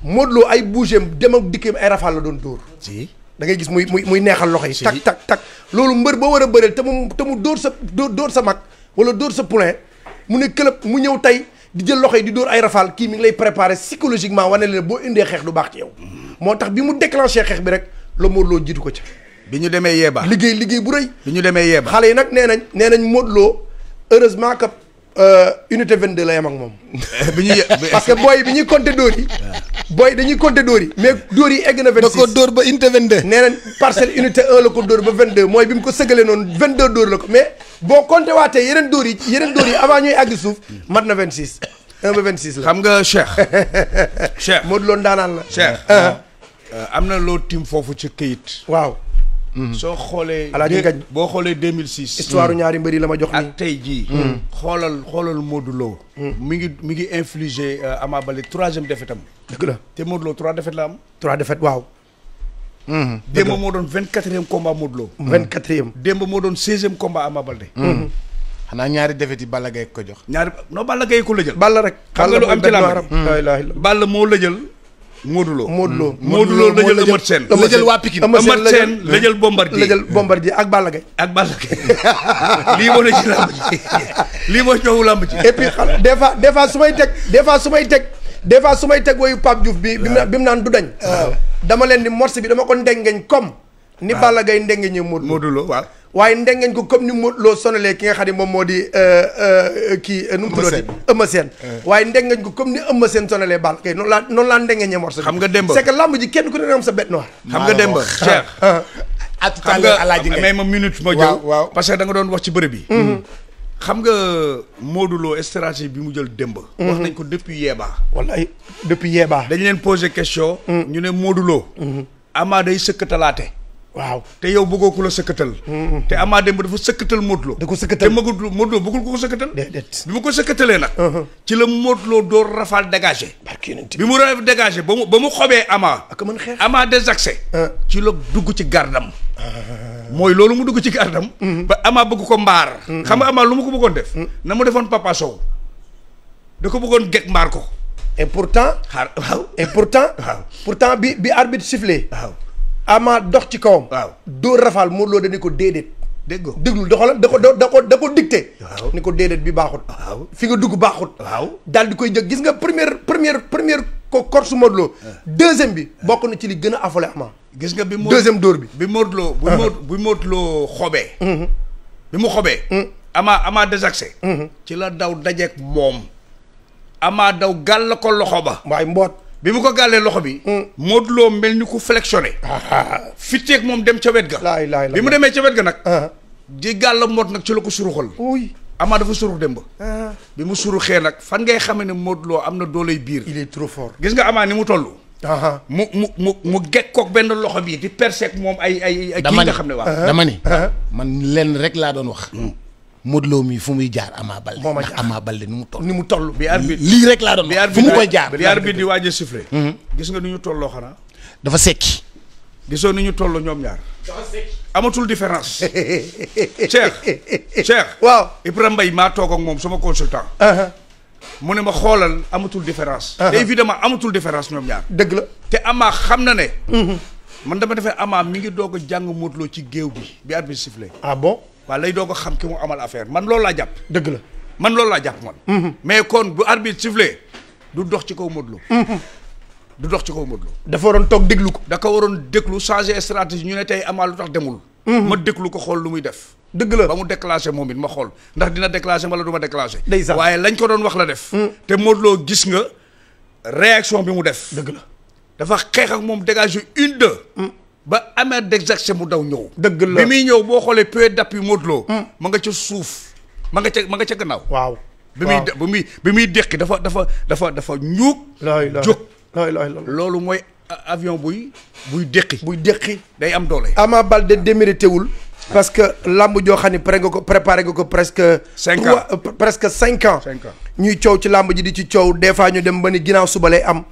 S1: Modou Lo ay bougeem dem ak dikkeem ay rafal la doon dóor. si da ngay gis muy muy muy neexal loxo yi. tak tak tak loolu mbër ba war a bëreel te mu te mu dóor sa dóor sa mag. wala dóor sa poulain mu ne club mu ñëw tey di jël loxo yi di dóor ay rafal kii mi ngi lay préparer psychologiquement wane leen boo indee xeex du baax ci yow. moo tax bi mu déclenché xeex bi rek la Modou Lo jiitu ko ca. bi ñu demee yeeba liggéey liggéey bu rëy. bi ñu demee yeeba xale yi nag nee nañ nee nañ Modou Lo heureusement que. Euh, unité 22 la yem moom. bi ñuy parce que booy bi ñuy conté dóor booy dañuy compter dóor yi. mais dóor yi egg na 26 da ko dóor ba unité nee nañ parcelle unité 1 la ko dóor ba 22 mooy bi mu ko sëgalee noonu 22 dóor la ko mais boo compter waatee yeneen dóor yi yeneen dóor yi avant ñuy àgg na 26. 1 ba 26 la xam nga Cheikh. Cheikh Modou Lo ndaanaan la. Cheikh ah. euh, am na loo tim foofu ci këyit. waaw. Mhm. soo xoolee. alaaji Ngañ boo xoolee 2006. histoire ñaari mbëri la ma jox nii ak tey jii. Mhm. Mhm. xoolal xoolal Modou Lo. mi ngi mi ngi infligé euh, Ama Baldé troisième defetam la te Modou Lo trois défaites la am. trois défaites waaw. démb moo doon vingt quatrième combat Modou Lo. vingt quatrième. démb moo doon seizième combat Ama Baldé. xanaa ñaari defet yi bala Gaye ko jox. ñaari non Balla Gaye ko la jël. Balla rek. xam nga lu am ci làmb Balla moo la jël. Modou Lo Modou Lo Modou Lo la jël Eumeu Sène la jël waa Pikine Eumeu Sène la jël Bombardier la jël Bombardier ak Balla Gaye ak Balla Gaye lii moo ne ci làmb ji lii moo coowu làmb ji et puis des fois des fois su may teg des fois su may teg des fois su may teg woyu Pape Diouf bi bi mu naan du dañ dama leen di morse bi dama ko ndengeñ comme ni Balla Gaye ndengeñee Modou Lo Modou Lo waaye ndengeñ ko comme ni mu loo sonalee ki nga xam ne moom moo di euh, euh, kii euh, nu mu tuddati Eumeu Sène waaye ndengeñ ko comme ni Eumeu Sène sonalee Balla Gaye noonu laa noonu laa ndengeñee morceau xam nga démb c'est que lamb ji kenn ku ne am sa bête noire xam nga démb Cheikh at ah. ah. xam nga may ma minute ma waaw parce que da nga wax ci bëri bi mm-hmm. xam nga Modou Lo bi mu jël démb mm-hmm. wax nañ ko depuis yeebaa wallaay depuis yeebaa dañ leen posé question mm. ñu ne Modou Lo mm-hmm. amaa day sëkk talaate waaw te yow bëggoo ku la sëkkatal te Ama Demba dafa sëkkatal Modou Lo da ko sëkkatal te magul Modou Lo bëggul ko ko sëkkatal déedéet bi mu ko sëkkatalee nag uh-huh. ci la Modou Lo door rafal dégagé bi mu rafal dégagé ba mu ba mu xobee Ama ak mën xeex Ama des accès uh. ci la dugg ci gardam ah. mooy loolu mu dugg ci gardam mm-hmm. ba Ama bëgg ko mbaar mm-hmm. xam nga Ama lu mu ko bëggoon def mm-hmm. na mu defoon Papa Sow da ko bëggoon geg mbaar ko et pourtant xaar waaw et pourtant waaw pourtant bi bi arbitre sifflé waaw Ama dox ci kawam. waaw dóor rafaal Modou Lo dañu ko déedéet. dégg nga déglu da ko da dicté. waaw ni ko bi baxut waaw fi nga dugg baaxut. waaw daal di koy jëg gis nga première première première ko korsu Modou ah. deuxième bi bokku na ci li gën a affolé gis nga bi Modou deuxième dóor bi. bi modlo bu Modou bu ah. Modou Lo xobee. Mm-hmm. bi mu xobé mm. Ama Ama désaxé. Mm-hmm. ci la daw dajeeg mom Ama daw gal ko loxo ba. waaye mboot. bi mu ko gàllee loxo bi. Hmm. Modou Lo mel ni ku flexionné. Ah, ah, ah. fitteeg moom dem ca wet ga. laay bi mu demee ca wet ga nag. di gàll mot nag ci la ko suruxal. uy Ama dafa surux dem bi mu suruxee nag fan ngay xamee ne Modou am na dooley biir. il gis nga Ama ni mu toll. mu mu mu mu gekkoog benn loxo bii di perseek moom ay ay. ay kii nga xam ne waaw dama ni
S2: man lenn rek laa doon wax. Hmm. Modou Lo mii fu muy jaar Ama Baldé. moom ndax Ama Baldé ni mu
S1: toll. ni mu toll bi arbitre lii rek laa doon wax fu mu koy jaar. bi arbitre di waaj a sifflé. Mhm. gis nga ni ñu tolloo xanaa. dafa sekki. gisoo ni ñu toll ñoom ñaar. amatul différence. Cheikh Cheikh. waaw Ibrahima Mbaye maa toog ak moom suma consultant. Uh-huh. mu ne ma xoolal amatul différence. Uh-huh. te évidemment amatul différence ñoom ñaar. dëgg la te amaa xam na ne. Mhm. man dama defee amaa mi ngi doog a jàng Modou ci géew bi bi arbitre waaw lay doog a xam ki man loolu laa jàpp. dëgg la man loolu man. Mhm. mais kon bu arbitre du dox ci kaw Modou Lo. Mhm. du dox ci kaw Modou dafa waroon toog déglu ko. da ko waroon déglu changer stratégie ñu ne tey Ama lu tax mhm. déglu ko xool lu muy def. dëgg la ba mu moom it xool ndax dina déclenché wala du ma déclenché. ndeysaan waaye lañ ko doon wax la def. te Modou Lo gis nga réaction bi mu def. dëgg la dafa xeex ak moom dégagé une deux. ba amer d'exercer mu daw ñëw. dëgg la bi muy ñëw boo xoolee point d'appui Modou Lo. Hmm. ma nga ca suuf ma nga ca ma nga ca gannaaw. waaw bi muy bi muy bi muy déqi dafa dafa dafa dafa ñuug. looy jóg loolu mooy avion buy buy déqi. buy déqi day am doole. Ama Baldé démérité wul. parce que làmb joo xam ne pré nga ko préparé nga ko presque. cinq presque cinq ans. ñuy coow ci làmb ji di ci coow des fois ñu dem ba ni ginnaaw suba lay am.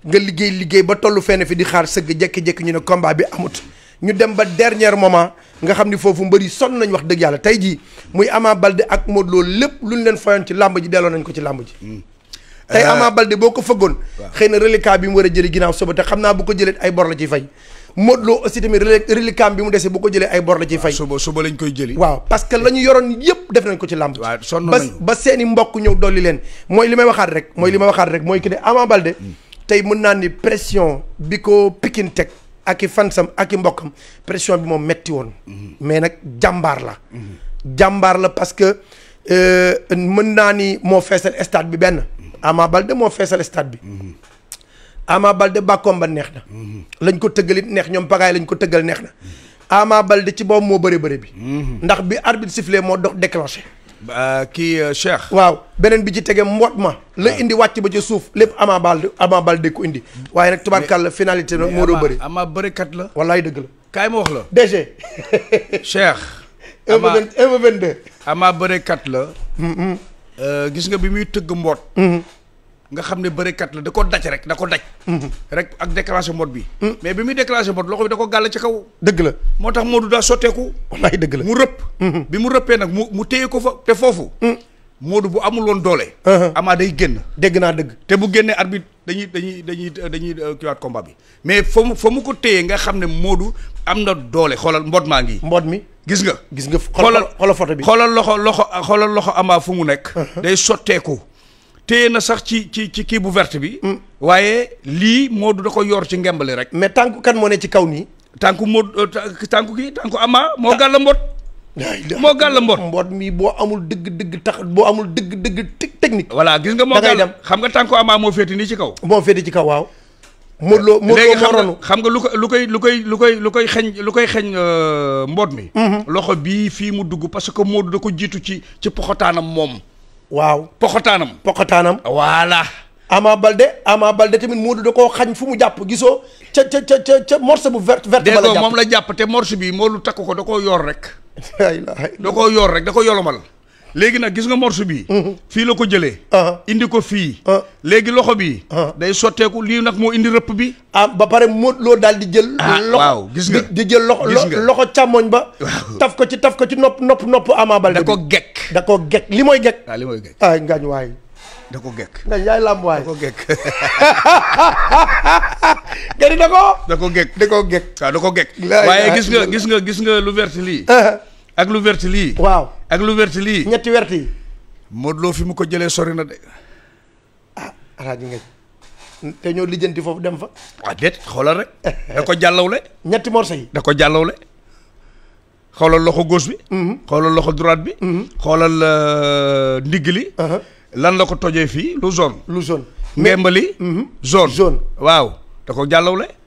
S1: nga liggéey liggéey ba tollu fenn fi di xaar sëgg jékki-jékki ñu ne combat bi amut ñu dem ba dernier moment nga xam ni foofu mbëri sonn nañ wax dëgg yàlla tey jii muy Ama Baldé ak Modou Lo lu luñ leen fayoon ci làmb ji delloo nañ ko ci làmb ji hmm. tey euh, Ama Baldé boo ko fëggoon xëy na reliquat bi mu war a jële ginnaaw suba te xam naa bu ko jëlee ay bor la ciy fay Modou Lo aussi bi mu dese bu ko jëlee ay bor la ciy fay ah, suba suba lañ koy jëli waaw parce que la ñu yoroon yëpp def nañ ko ci làmb ba ba seeni mbokk ñëw dolli leen mooy li may waxaat rek mooy li may waxaat rek mooy ki ne Ama tey mën naa ni pression bi ko Pikine teg ak i fansam ak i mbokkam pression bi moom metti woon mhm. mais nag jàmbaar la mhm. jàmbaar la parce que euh, mën naa ni moo feesal stade bi benn mhm. Ama balde moo feesal stade bi Ama Baldé bàkkoom ba neex na lañ ko tëggalit neex ñoom pagaay lañ ko tëggal neex na Ama Baldé ci boobu moo bëri bëri bi ndax bi arbitre sifflé moo dox déclenché Euh, kii euh, Cheikh. waaw beneen bi ci tege mbot ma. la ah. indi wàcc ba ci suuf lépp amaa Baldé Ama indi. waaye nag tubaarkàlla finalité nag moo doo bëri. Ama bërikat la. wallaay dëgg la. kaay ma wax la. DG. Cheikh.
S2: Ama
S1: Ama bërikat la. Mm-hmm. Euh, gis nga bi muy tëgg mboot. Mm-hmm. nga xam ne kat la da ko daj rek da ko daj. Mm-hmm. rek ak déclenché mode bi. Mm. mais bi muy déclenché mode loxo bi da ko gàll ci kaw. dëgg la moo tax Modou daa sotteeku. wallaay dëgg la mu rëpp. Mm-hmm. bi mu rëppee nag mu mu téye ko fa foofu. Mm. Modou bu amul woon doole. Uh-huh. Ama day génn. dégg naa dëgg. te bu génnee arbitre dañuy dañuy dañuy dañuy euh, kiiwaat combat bi mais fa mu fa mu ko téye nga xam ne Modou am na doole xoolal mboot maa ngi. mboot mi gis nga. gis nga xoolal xoolal photo bi xoolal loxo loxo xoolal loxo Ama fu mu nekk. Uh-huh. day sotteeku. téye na sax ci ci ci kii bu verte bi. Mm. waaye lii Modou da ko yor ci ngembali rek. mais tànku kan moo ne ci kaw nii. tànku Modou euh, tànku kii tànku amaa moo gàll mbot. moo gàll mbot mbot boo amul dëgg dëgg tax boo amul dëgg dëgg technique. voilà gis nga moo gàll xam nga tànku Ama moo féeti nii ci kaw. moo féeti ci kaw waaw. Modou loo Modou Lo moronu léegi xam nga lu ko lu koy lu koy lu koy lu koy xeñ lu koy xeñ euh, mboot mi. Mm-hmm. loxo bii fii mu dugg parce que Modou da ko jiitu ci ci poxotaanam moom. waaw poxotaanam poxotaanam voilà Ama Balde Ama de tamit Modou da koo xañ fu mu jàpp gisoo ca ca ca ca morse bu vert verte ba la jàpp moom la jàpp te morse bi Modou takk ko da koo yoor rek da koo yoor rek da ko yolomal léegi nag gis nga morceau bi mhm. fii la ko jëlee ah. indi ko fii ah. léegi loxo bi ah. day sotteeku lii nag moo indi rëpp bi ah ba pare Modou loo daal di jël loxo gis nga di jël loxo loxo càmmoñ ba taf ko ci taf ko ci nopp nopp nopp Ama Baldé da ko gekk li mooy gekk waaw li da ko gekk nga yaay làmb waay ko gekk nga ni da ko da ko gekk da ko da ko gekk waaye gis nga gis nga gis nga lu vert lii eh. ak lu vert lii waaw ak lu wert lii. ñetti wert yi. Modou fi mu ko jëlee sori na de. Ah, te ñoo lijjanti foofu dem fa. waaw ah, déet xoolal rek. da ko jàllawle. ñetti morso yi. da ko jàllawle. xoolal loxo gauche bi. Mhm. xoolal loxo droite bi. Mhm. xoolal euh, ndigg li. Uh-huh. lan la ko tojee fii lu zone. lu zone ngembali. zone mhm. zone waaw da ko jàllawle.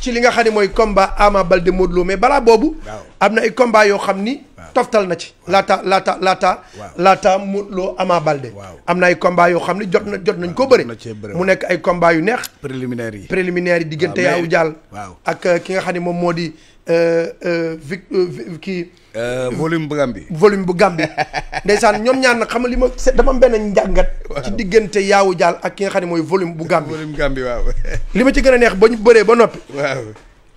S1: ci li nga xam ne mooy combat Ama Baldé Modou bala mais a boobu. am na ay combat yoo xam ni. toftal na ci. laata laata laata. laata mu loo Ama Balde. am na ay combat yoo xam ne jot na jot nañ koo bëri. mu nekk ay combat yu neex. préliminaires yi préliminaires yi diggante yaawu jàll. ak euh, ki nga xam ne moom moo di euh, euh, vic kii. volume bu Gambie. volume bu Gambie ndeysaan ñoom ñaan na xam li ma dama benn njàngat. ci diggante yaawu jàll ak ki nga xam ne mooy volume bu Gambie. volume Gambie waaw. li ma ci gën a neex ba ñu bëree ba noppi. waaw.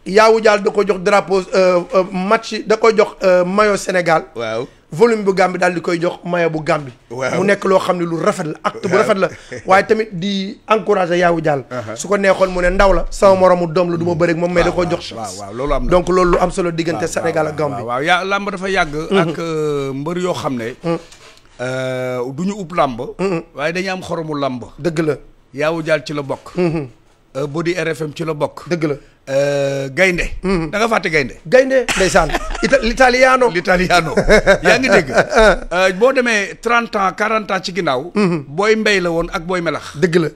S1: yaawu jaal da ko jox drapeau euh, euh, match da ko jox euh, mayo Sénégal. waaw volume bu Gambie daal di koy jox maillot bu Gambie. waaw mu nekk loo xam ne lu rafet la. acte bu rafet la waaye tamit di encourager yaawu jaal. Uh-huh. su ko neexoon mu ne ndaw la. sama mm-hmm. moromu doom la du ma mm-hmm. bëri ak moom may da koo jox chance. waaw loolu am donc loolu lu am solo diggante Sénégal a Gambie. waaw yaa làmb dafa yàgg. Mm-hmm. ak mbër yoo xam ne. du ñu ub làmb. waaye dañu am xoromu làmb. dëgg la yaawu jaal ci la bokk. Euh, boo di RFM ci la bokk. dëgg la. Euh, gaynde mm-hmm. danga nga fàtte gaynde gaynde ndeysaan l'italiano l'italiano yaa ngi dégg euh, boo demee trente ans ci ginnaaw mm-hmm. booy mbay la woon ak booy melax dëgg la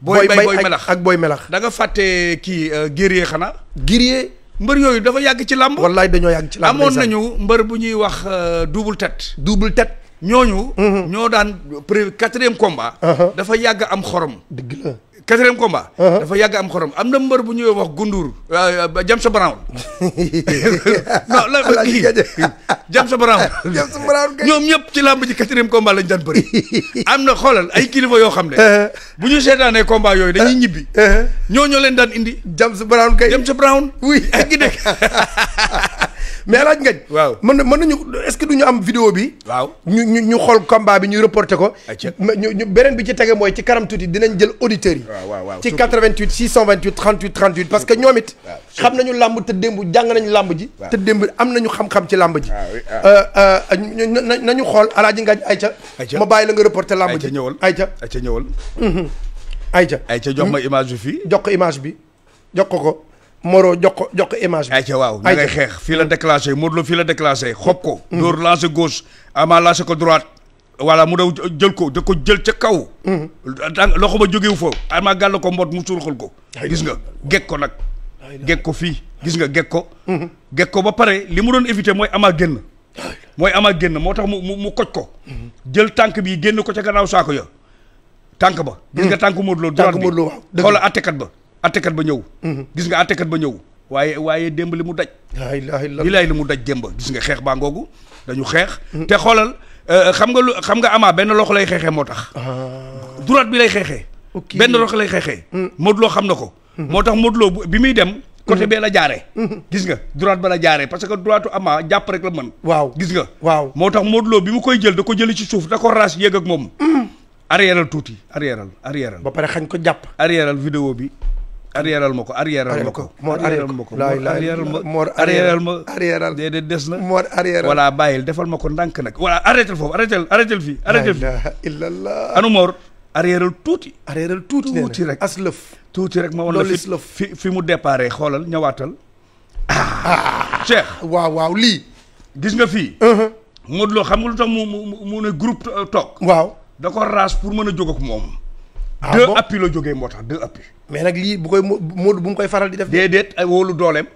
S1: booy mbay booy melax ak booy melax da nga fàtte kii guerrier xanaa guerrier mbër yooyu dafa yàgg ci làmb wallaay dañoo yàgg ci làmb amoon nañu mbër bu ñuy wax double tête double tête ñooñu mm-hmm. ñoo daan pré quatrième combat uh-huh. dafa yàgg am xorom dëgg quatrième komba uh-huh. dafa yàgg am xorom am na mbër bu ñuy wax Gundur. Euh, euh, James Brown. non la ba kii James Brown. James Brown kay ñoom ñëpp ci làmb ji quatrième combat lañ daan bëri. am na xoolal ay kilifa yoo xam ne. Uh-huh. bu ñu seetaanee combat yooyu dañuy uh-huh. ñibbi. ñoo ñoo leen daan indi. James Brown kay James Brown. oui ak gi mais alaaj ngañ waaw mën na mën nañu est-ce que du ñu am vidéo bi waaw ñu ñu ñu xool combat bi ñu reporté ko ñu beneen bi ci tege mooy ci kanam tuuti dinañ jël auditeurs yi waaw waaw ci 88 628 38 38 parce que ñoom it xam nañu làmb te démb jàng nañu làmb ji te démb am na ñu xam-xam ci làmb ji ah ah. Euh, euh, ñu xool alaaji ngañ ayca ma bàyyi la nga reporté làmb ji ñëwal ayca ayca ñëwal ay mhm. ayca jox ma mhm. image bi fii jox ko image bi jox ko ko Moro jox ko jox ko image bi. ayca waaw ñu ngay xeex fii la déclenché Modou fii la déclenché xob ko. Hmm. dóor lancer gauche Ama lancer ko droite. voilà mu daw jël ko da ko jël ca kaw. Hmm. daan loxo ba jógewu fa. Ama gàll ko mboot mu surxul ko. gis nga gekk ko nag. gekk ko fii gis nga gekk ko. Hmm. gekk ko ba pare li mu doon éviter mooy Ama génn. mooy Ama génn moo tax mu mu mu ko. jël tànk bi génn ko ca gannaaw saako ya tànk ba. gis nga tànk Modou Lo. tànk Modou Lo waaw xoolal ba. attekat ba ñëw mhm. gis nga attekat ba ñëw waaye waaye démb li mu daj li laay li mu daj démb gis nga xeex baa ngoogu dañu xeex mhm. te xoolal euh, xam nga lu xam nga amaa benn loxo lay xeexee moo tax ah. droite bi lay xeexee benn loxo lay xeexee mhm. Modou xam na ko moo tax Modou Lo bi muy dem côté bee la jaaree gis nga droite ba la jaaree parce que droite ama jàpp rek la waaw gis nga waaw moo tax Modou bi mu koy jël da ko jëli ci suuf da ko raas yéeg ak moom arrièreal tuuti arrièreal arrièreal ba pare xañ ko jàpp arrièreal vidéo bi arrièral ma ko arrièral ma ko moor arrièral ma ko arrièral ma moor arrièral ma arrièral déedéet des moor arrièral bàyyil defal ma ko ndànk nag voilà arrêtel foofu arrêtel arrêtel fii arrêtel fii moor arrièral tuuti arrièral tuuti tuuti rek as lëf tuuti rek ma wan la fi fi mu déparé xoolal ñëwaatal ah, ah Cheikh waaw waaw lii gis nga fii uh-huh. Modou Lo xam nga lu tax mu mu ne groupe toog waaw da ko raas pour mën a jóg ak moom ah deux appuis la jógee moo tax deux appuis mais nag lii bu koy Modou bu mu koy faral di def. déedéet ay wóolu dooleem.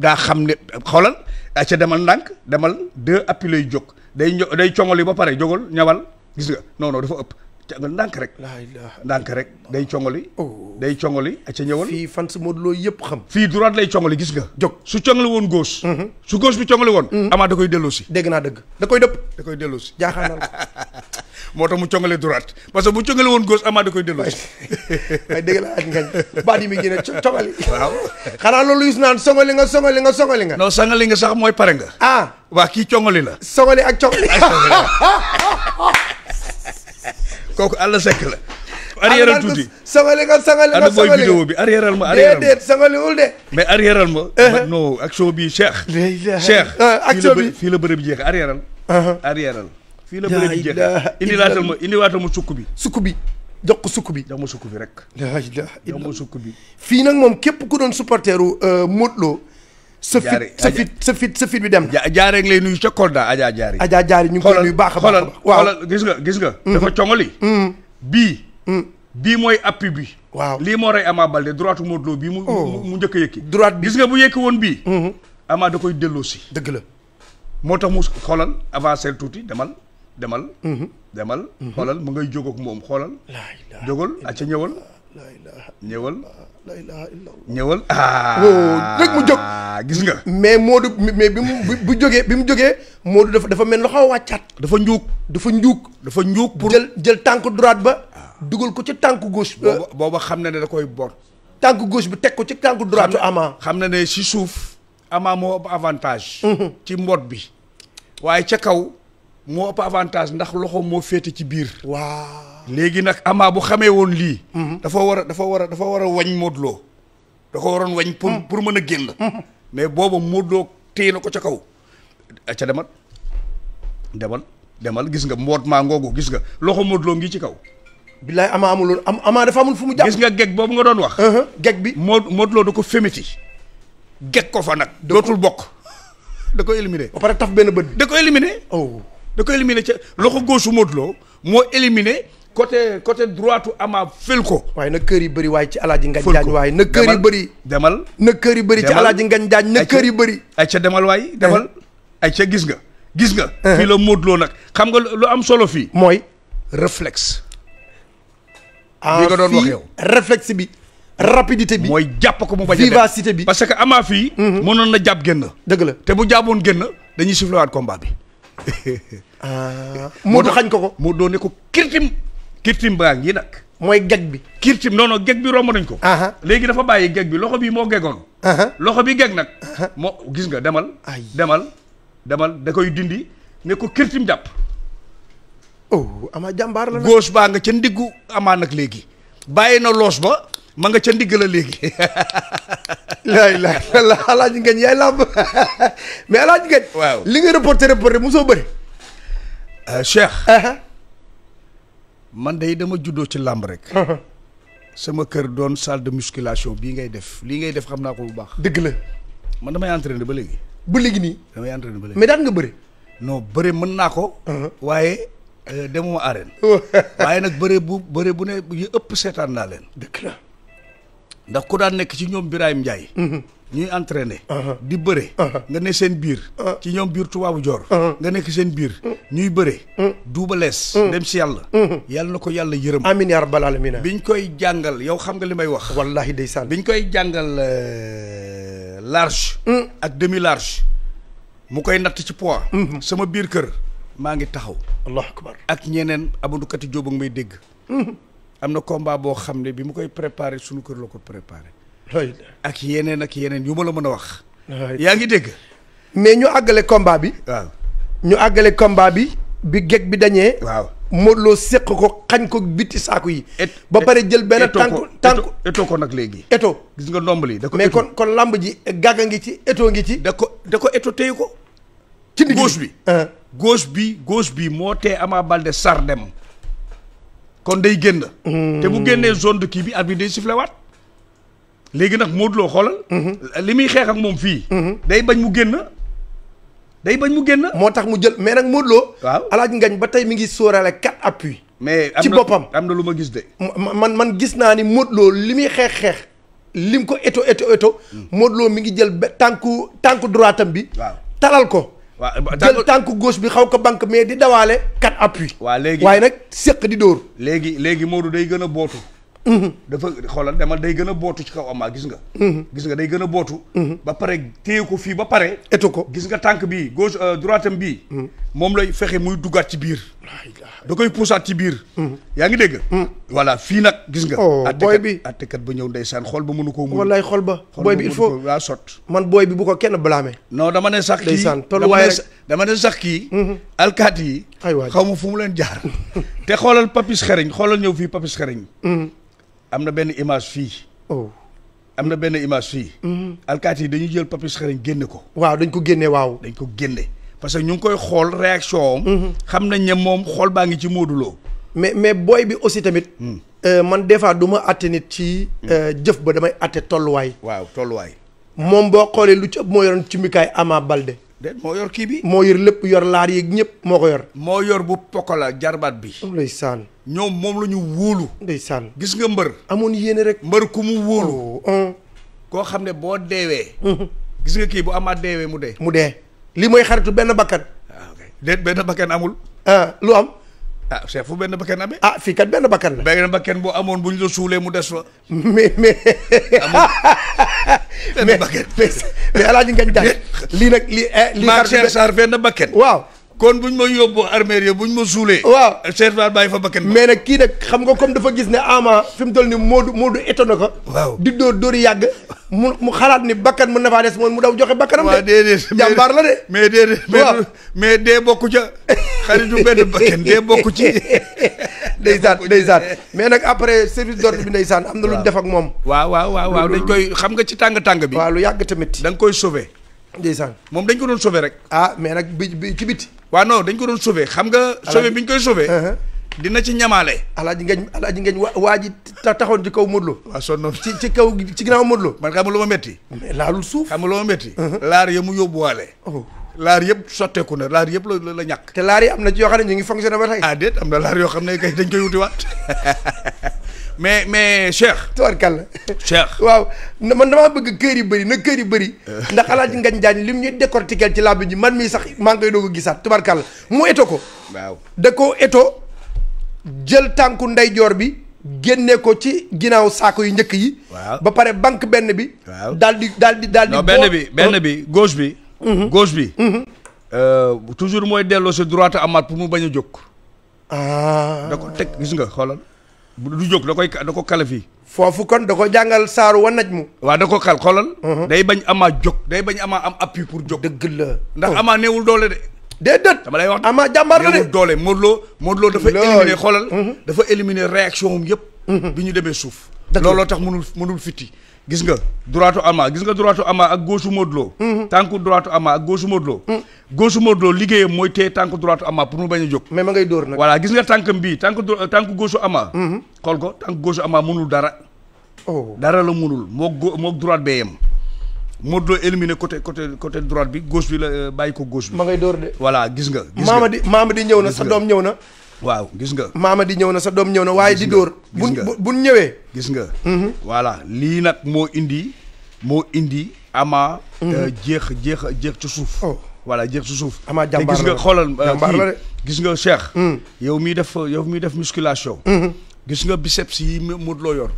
S1: daa xam ne xoolal ca demal ndànk demal deux appui lay jóg day day coŋol ba pare jógal ñawal gis nga non dafa ëpp. congal ndànk rek ndànk rek day congali oh. day congali a ca ñëwal fii fan si Modou Lo yëpp xam fii droite lay congali gis nga jóg su congali woon gauche mhm. su gauche bi congali woon mhm. Ama da koy delloosi dégg naa dëgg da koy dëpp da koy delloosi jaaxaanal moo tax mu congalee droite parce que bu congalee woon gauche Ama koy delloosi waaye dégg la aj ngañ muy génne congali waaw xanaa loolu us naan songali nga songali nga songali nga non songali nga sax mooy pare nga ah waa kii congali la songali ak congali kooku àll sekk la. arrière al tuuti sangali nga sangali nga sangali mooy vidéo bi arrière al ma arrière déedéet sangaliwul de. mais arrière al uh-huh. ma. non action bi Cheikh. Cheikh uh-huh, action bi fii la bërëb jeex arrière al. Uh-huh. arrière al fii la bërëb jeex indi laatal ma indi laatal ma sukk bi sukk bi. jox ko sukk bi jox ma sukk bi rek. jox ma sukk bi. fii nag moom képp ku doon supporteru euh, Modou Lo sa fit sa fit sa fit sa fit bi dem na. jaare lay nuyu ca Kolda Adja ñu ngi koy nuyu baax a baax xoolal gis nga gis nga. Mm-hmm. dafa coŋoli. Mm-hmm. bii. Mm-hmm. bii mooy appui bi. waaw lii moo rey Ama Balde droite Modou Lo oh. mu njëkk a yëkki. gis nga bu yëkki woon bii. da koy delloosi. dëgg la moo tax mu xoolal avancé tuuti demal demal. demal xoolal mu ngay jóg ak moom xoolal. jógal a ca ñëwal. ñëwal. la ilaha illa allah ñëwal ah, rek mu jóg gis nga mais Modou mais bi mu bu jógee bi mu jógee Modou dafa dafa mel loxo wàccaat dafa njuug dafa njuug dafa njuug pour jël jël tànk droite ba ah. dugal ko ci tànk gauche booba xam na ne da koy bor tànk gauche bi teg ko ci tànk droite ama xam na ne si suuf ama moo ëpp avantage mhm. ci mboot bi waaye ca kaw moo ëpp avantage ndax loxo moo féete ci biir waaw léegi nag Ama bu xamee woon lii. Mhm. dafa war a dafa war a war a wañ Modou Lo da ko waroon wañ. pour mhm. pour mën a génn. Mhm. mais booba Modou Lo téye na ko ca kaw. ca demal demal demal gis nga mboot maa ngoogu gis nga loxo Modou ngi ci kaw. billaay Ama amul am Ama dafa amul fu mu jàpp. gis nga geg boobu nga doon wax. Uh-huh. geg bi Modou Modou Lo da ko fémiti geg ko fa nag. dootul bokk da ko éliminer. ba pare taf benn bët bi. da ko éliminer. oh, oh. da ko éliminer ca loxo góosu Modou moo éliminer. côté côté droitu ama fël ko. waaye na kër yi bëri waaye ci alaaji ngañ jaañ waaye na kër yi bëri. demal na kër yi bëri ci alaaji ngañ jaañ na kër yi bëri. ay ca demal waay demal eh. ay ca gis nga gis nga. Eh. fii la nag xam nga lu am solo fii. mooy réflexe. bi nga doon yow réflexe bi. rapidité bi mooy jàpp ko mu bañ a dem bi. parce que amaa fii. Mhm. mënoon na jàpp génn. dëgg la te bu jàppoon génn dañuy soufflé waat combat bi. Ah. moo xañ ko ko moo doon ne ko kirtim kirtim baa ngi nag. mooy geg bi. kirtim non non geg bi romb nañ ko. léegi dafa bàyyi geg bi loxo bi moo gegoon. loxo bi geg nag. moo gis nga demal. demal demal da koy dindi ne ko kirtim jàpp. oh ama jàmbaar la nag. baa nga ca ndiggu amaa léegi. bàyyi na loos ba. ma nga ca ndigg la léegi. laay laay la alaaji ngañ yaay làmb mais alaaji ngañ. waaw li nga reporté reporté mosoo bëri. Euh, man day dama juddoo ci làmb rek. sama kër doon salle de musculation bii ngay def lii ngay def xam naa ko bu baax. dëgg la. man damay entraîné ba léegi. bu léegi nii. damay entraîné ba léegi mais daan nga bëri. non bëri mën naa ko. waaye euh, demuma arène. waaye nag bëri bu bëri bu ne yu ëpp seetaan naa leen. dëgg la. ndax ku daan nekk ci ñoom Birahim Ndiaye. ñuy entraîner uh-huh. di bëre uh-huh. nga ne sen biir uh-huh. ci ñoom biir bu jor nga nekk sen biir ñuy bëre dem ci yalla yalla nako yalla yeureum amin ya rabbal alamin biñ koy jangal yow xam nga limay wax wallahi deysane biñ koy jangal euh, large hmm. ak demi large mu koy nat ci poids hmm. sama biir kër ma ngi taxaw allah akbar ak ñeneen abandukati jóob ak may dégg hmm. am combat bo xam bi mu koy préparer suñu kër lako préparer ak yeneen ak yeneen yu ma la mën a wax. yaa ngi dégg. mais ñu àggale combat bi. waaw ñu àggale combat bi bi geg bi dañee. waaw Modou séq ko xañ ko biti saako yi. ba pare jël benn tànku tànku eto ko nag léegi. eto gis nga ndomb li da ko mais kon kon làmb ji gàgga ngi ci eto ngi ci. da ko da ko ko. ci digg bi. Ah. gauche bi gauche bi moo tee Ama Baldé sar dem kon day génn. Hmm. te bu génnee zone de kii bi arbitre day sifflé waat. léegi nag Modou Lo mhm. li muy xeex ak moom fii. Mhm. day bañ mu génn. day bañ mu génn. moo tax mu jël mais nag Modou Lo. ngañ ba tey mi ngi sóoraale quatre appuis. mais ci boppam am na lu ma gis de. man man gis naa ni Modou li muy xeex xeex. lim ko eto eto eto. Mm. Modou Lo mi ngi jël ba tànku tànku droitam bi. waaw talal ko. waaw jël tànku gauche bi xaw ko banque mais di dawaale. quatre appuis. waa léegi waaye nag séq di dóor. léegi léegi Modou day gën a bootu. dafa xoolal dama day gën a bootu ci kaw ama gis nga mhm. gis nga day gën a bootu mhm. ba pare téye ko fii ba pare etu ko gis nga tànk bii gauche euh, droite am bii mhm. moom lay fexe muy duggaat ci biir da koy puusaat ci biir yaa ngi dégg voilà fii nag gis nga oh, boy bi attekat ba ñëw ndeysaan xool ba mënu koo mun wallaay xool ba boy bi il faut waa sot man boy bi bu ko kenn blâmé non dama ne sax kii dama ne sax kii alkaat yi xaw ma fu mu leen jaar te xoolal papis xereñ xoolal ñëw fii papis xereñ am na benn image fii. Oh. am na benn image fii. Mm-hmm. alkaati yi dañu jël Papis Xarañ génne ko. waaw dañ ko génne waaw. dañ ko génne parce que ñu ngi koy xool réaction mm-hmm. xam nañ ne moom xool baa ngi ci Modou mais mais booy bi aussi tamit. Mm. Euh, man des fois du ma àtte nit ci. Mm. Euh, jëf ba damay àtte tolluwaay. waaw tolluwaay. moom boo xoolee lu ci ëpp moo yoroon ci Ama Balde. déet moo yor kii bi. moo yor lépp yor laar yeeg ñëpp moo ko yor. moo yor bu pokola jarbaat bi. Oh, ndeysaan. ñoom moom la ñu wóolu. ndeysaan gis nga mbër. amoon yéene rek. mbër ku mu wóolu. Oh, koo xam ne boo deewee. Mm-hmm. gis nga kii bu amaat deewee mu dee. mu dee li mooy xaritu benn bakkan. waaw ah, benn bakkan amul. Euh, lu am. ah Cheikh fu benn bakkan amee. ah fii kat benn bakkan la. benn bakkan boo amoon bu ñu la suulee mu des fa. mais mais. benn bakkan mais mais El Hadj Ngagne Diagne lii nag lii. Eh, lii benn bakkan waaw. kon bu ñu ma yóbbu armée ya buñ ma suulee. waaw Cheikh Fall bàyyi fa bakken mais nag kii nag xam nga comme dafa gis ne Ama fi mu toll nii Modou Modou étonné ko. waaw di dóor dóor yàgg. mu mu xalaat ni bakkan mën na faa des moom mu daw joxe bakkanam. waaw déedéet jàmbaar la de. mais déedéet waaw mais bokku ca. xaritu benn bakkan dee bokku ci. ndeysaan ndeysaan mais nag après service d'ordre bi ndeysaan am na lu ñu def ak moom. waaw waaw waaw dañ koy xam nga ci tàng tàng bi. waaw lu yàgg tamit. da nga koy sauver. ndeysaan moom dañ ko doon sobee rek. ah mais nag bi bi ci biti. waaw non dañ ko doon sauver xam nga. sauver bi ñu koy sauver. Uh-huh. dina ci ñamaale. alaaji ngeen alaaji ngeen waa waa ji taxoon ci kaw Modou Lo. waaw sonn ci ci kaw ci ginnaaw Modou Lo. man xam nga lu ma métti. mais laalul suuf. xam nga lu ma métti. Uh-huh. laar ya mu yóbbuwaale. Oh. laar yëpp sotteeku na laar yëpp la la ñàkk. te laar yi am na ci yoo xam ne ñu ngi fonctionné ba tey. ah déet am na laar yoo xam ne kay dañ koy wutiwaat. mais mais Cheikh. tubarkàlla. Cheikh waaw man damaa bëgg kër yi bëri na kër yi bëri. ndax Alaaji Ngañ Jaañ lim ñuy décortiquer ci làmb ji man mii sax maa ngi koy doog a gisaat tubarkàlla mu eto ko. waaw da koo eto jël tànku ndeyjoor bi. génne ko ci ginnaaw saako yu njëkk yi. waaw ba pare banque benn bi. waaw daal di daal di daal di. non benn bi benn bi gauche bi. Mhm. gauche bi. Mhm. Euh, toujours mooy delloo si droite amaat pour mu bañ a jóg. Ah. ko teg gis du jog da koy da ko kale fii foofu kon da ko jangal saru wa mu da ko kal xolal mhm. day bañ ama jog day bañ ama am appui pour jog deug la ndax oh. ama neewul dole de déedéet dama lay wax ama jambar la de neewul dole modlo modlo Modou Lo dafa éliminer xoolal mhm. dafa éliminer réaction am yëpp mhm. bi ñu demee tax mënul mënul fiti gis nga droitu Ama gis nga droitu Ama ak gauche Modou Lo mhm. tànku droitu Ama ak gauche Modou Lo mhm. gauche liggéeyam mooy téye tànku droitu Ama pour mu bañ a jóg mais ma ngay dóor nag voilà gis nga tànkam bii tànku tànku gauche Ama mhm. xool ko tànku gauche Ama mënul oh. la mënul mook mook droite côté côté côté droite bi gauche bi la euh, bàyyi ko gauche ma ngay dóor de voilà gis nga gis nga maama di maama di ñëw na sa doom ñëw na waaw gis nga. maama di ñëw na sa doom ñëw na waaye di dóor. gis nga bu ñëwee. gis nga. Mhm. voilà lii nag moo indi moo indi ama. Mhm. Euh, jeex jeex jeex ci suuf. Oh. voilà jeex ci suuf. ama jàmbaar la te gis nga xoolal euh, kii gis nga Cheikh. Mhm. yow miy def yow miy def musculation. gis nga biceps yi Modou Lo yor.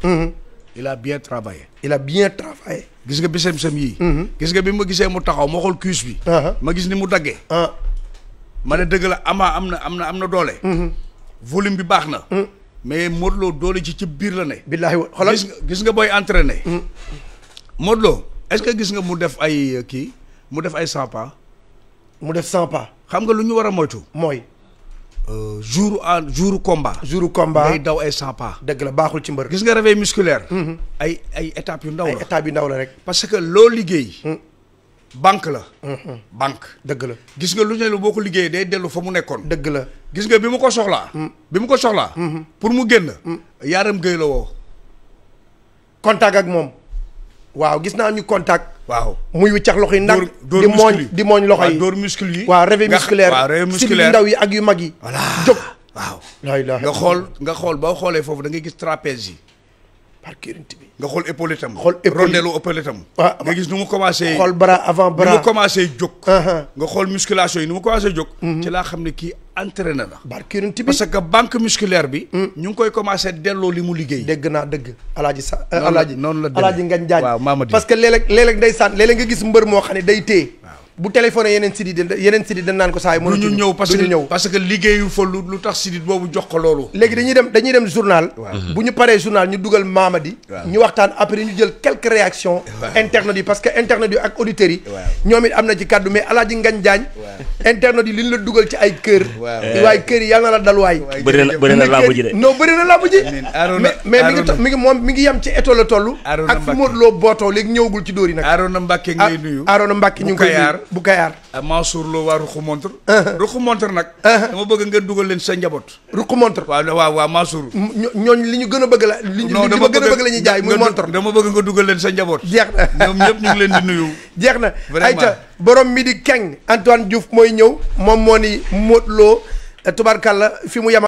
S1: il a bien travaillé. il a bien travaillé. gis nga biceps am yii. gis nga bi ma gisee mu taxaw ma xool cuisse bi. Uh-huh. ma gis ni mu daggee. Ah. ma ne dëgg la Ama am na am na am na doole. Mhm. volume bi baax na. Mhm. mais Modou doole ci ci biir la ne. billaahi xoolal gis nga gis nga booy entraîné. Mhm. Modou Lo est-ce que gis nga mu def ay euh, kii mu def ay cent pas. mu def cent pas. xam nga lu ñu war a moytu. mooy. Euh, jour à jour combat. jour combat ngay daw ay cent pas. dëgg la baaxul ci mbër. gis nga réveil musculaire. ay ay étapes yu ndaw la ay yu ndaw la rek. parce que loo liggéey. banque la. Mm-hmm. banque dëgg la. gis nga lu ne boo ko liggéeyee day dellu fa mu nekkoon. dëgg la gis nga bi mu ko soxlaa. Mm. bi mu ko soxlaa. Mm-hmm. pour mu génn. Mm. yaaram géy la woo. contact ak moom. waaw gis naa ñu contact. waaw muy wiccax loxo yi ndax. di mooñ di mooñ loxo yi. door muscle yi waaw réveil musculaire si ndaw yi ak yu mag yi. voilà jóg waaw. nga xool nga xool boo xoolee foofu da ngay gis trapèze yi. barke yonent
S2: bi nga xool épaule itam xool épaule rondeelu épaule itam
S1: nga gis nu mu commencé xool bras avant bras nu mu commencé jóg uh-huh. nga xool musculation yi nu mu commencé jóg mm-hmm. ci laa xam ne kii entraîné na barke yonent bi parce que banque musculaire mm. ñu ngi koy commencé delloo li mu liggéey dégg naa dëgg alaaji sa alaaji noonu la alaaji ngañ jaaj waaw maamadi parce que léeg-léeg léeg-léeg ndeysaan nga gis mbër moo xam ne day téye bu téléphoné yeneen sidit yeneen sidit dañ naan ko saa yi mënu ñu ñëw parce que ñëw parce que liggéeyu fa lu lu tax sidit boobu jox ko loolu léegi dañuy dem dañuy dem journal mhm. bu ñu paree journal ñu dugal Mamadi ñu waxtaan après ñu jël quelques réactions internet yi parce que internet yi ak auditeurs yi ñoom it am na ci kàddu mais alaaji ngañ jaañ internet yi li ñu la dugal ci ay kër waaye kër yi yàlla na la dal waay bëri na làmb ji de non bëri na làmb ji mais mi mi ngi moom mi ngi yem ci éto toll ak fu Modou Lo ci dóor yi nag Arona Mbacke ah, ngay nuyu bu Kayar. Ah, Mansour Lo waa Ruqu Montre. Uh-huh. Ruqu Montre nag. Uh-huh. dama bëgg nga dugal leen sa njaboot. Ruqu Montre waaw waaw waaw Mansour. ñooñ li ñu gën a bëgg la. li ñu gën a bëgg la jaay muy montre dama bëgg nga dugal leen sa njaboot. jeex na ñoom ñëpp ñu ngi leen di nuyu. jeex na ayca borom mi di keng Antoine Diouf mooy ñëw moom moo ni Modou Lo eh, la fi mu yem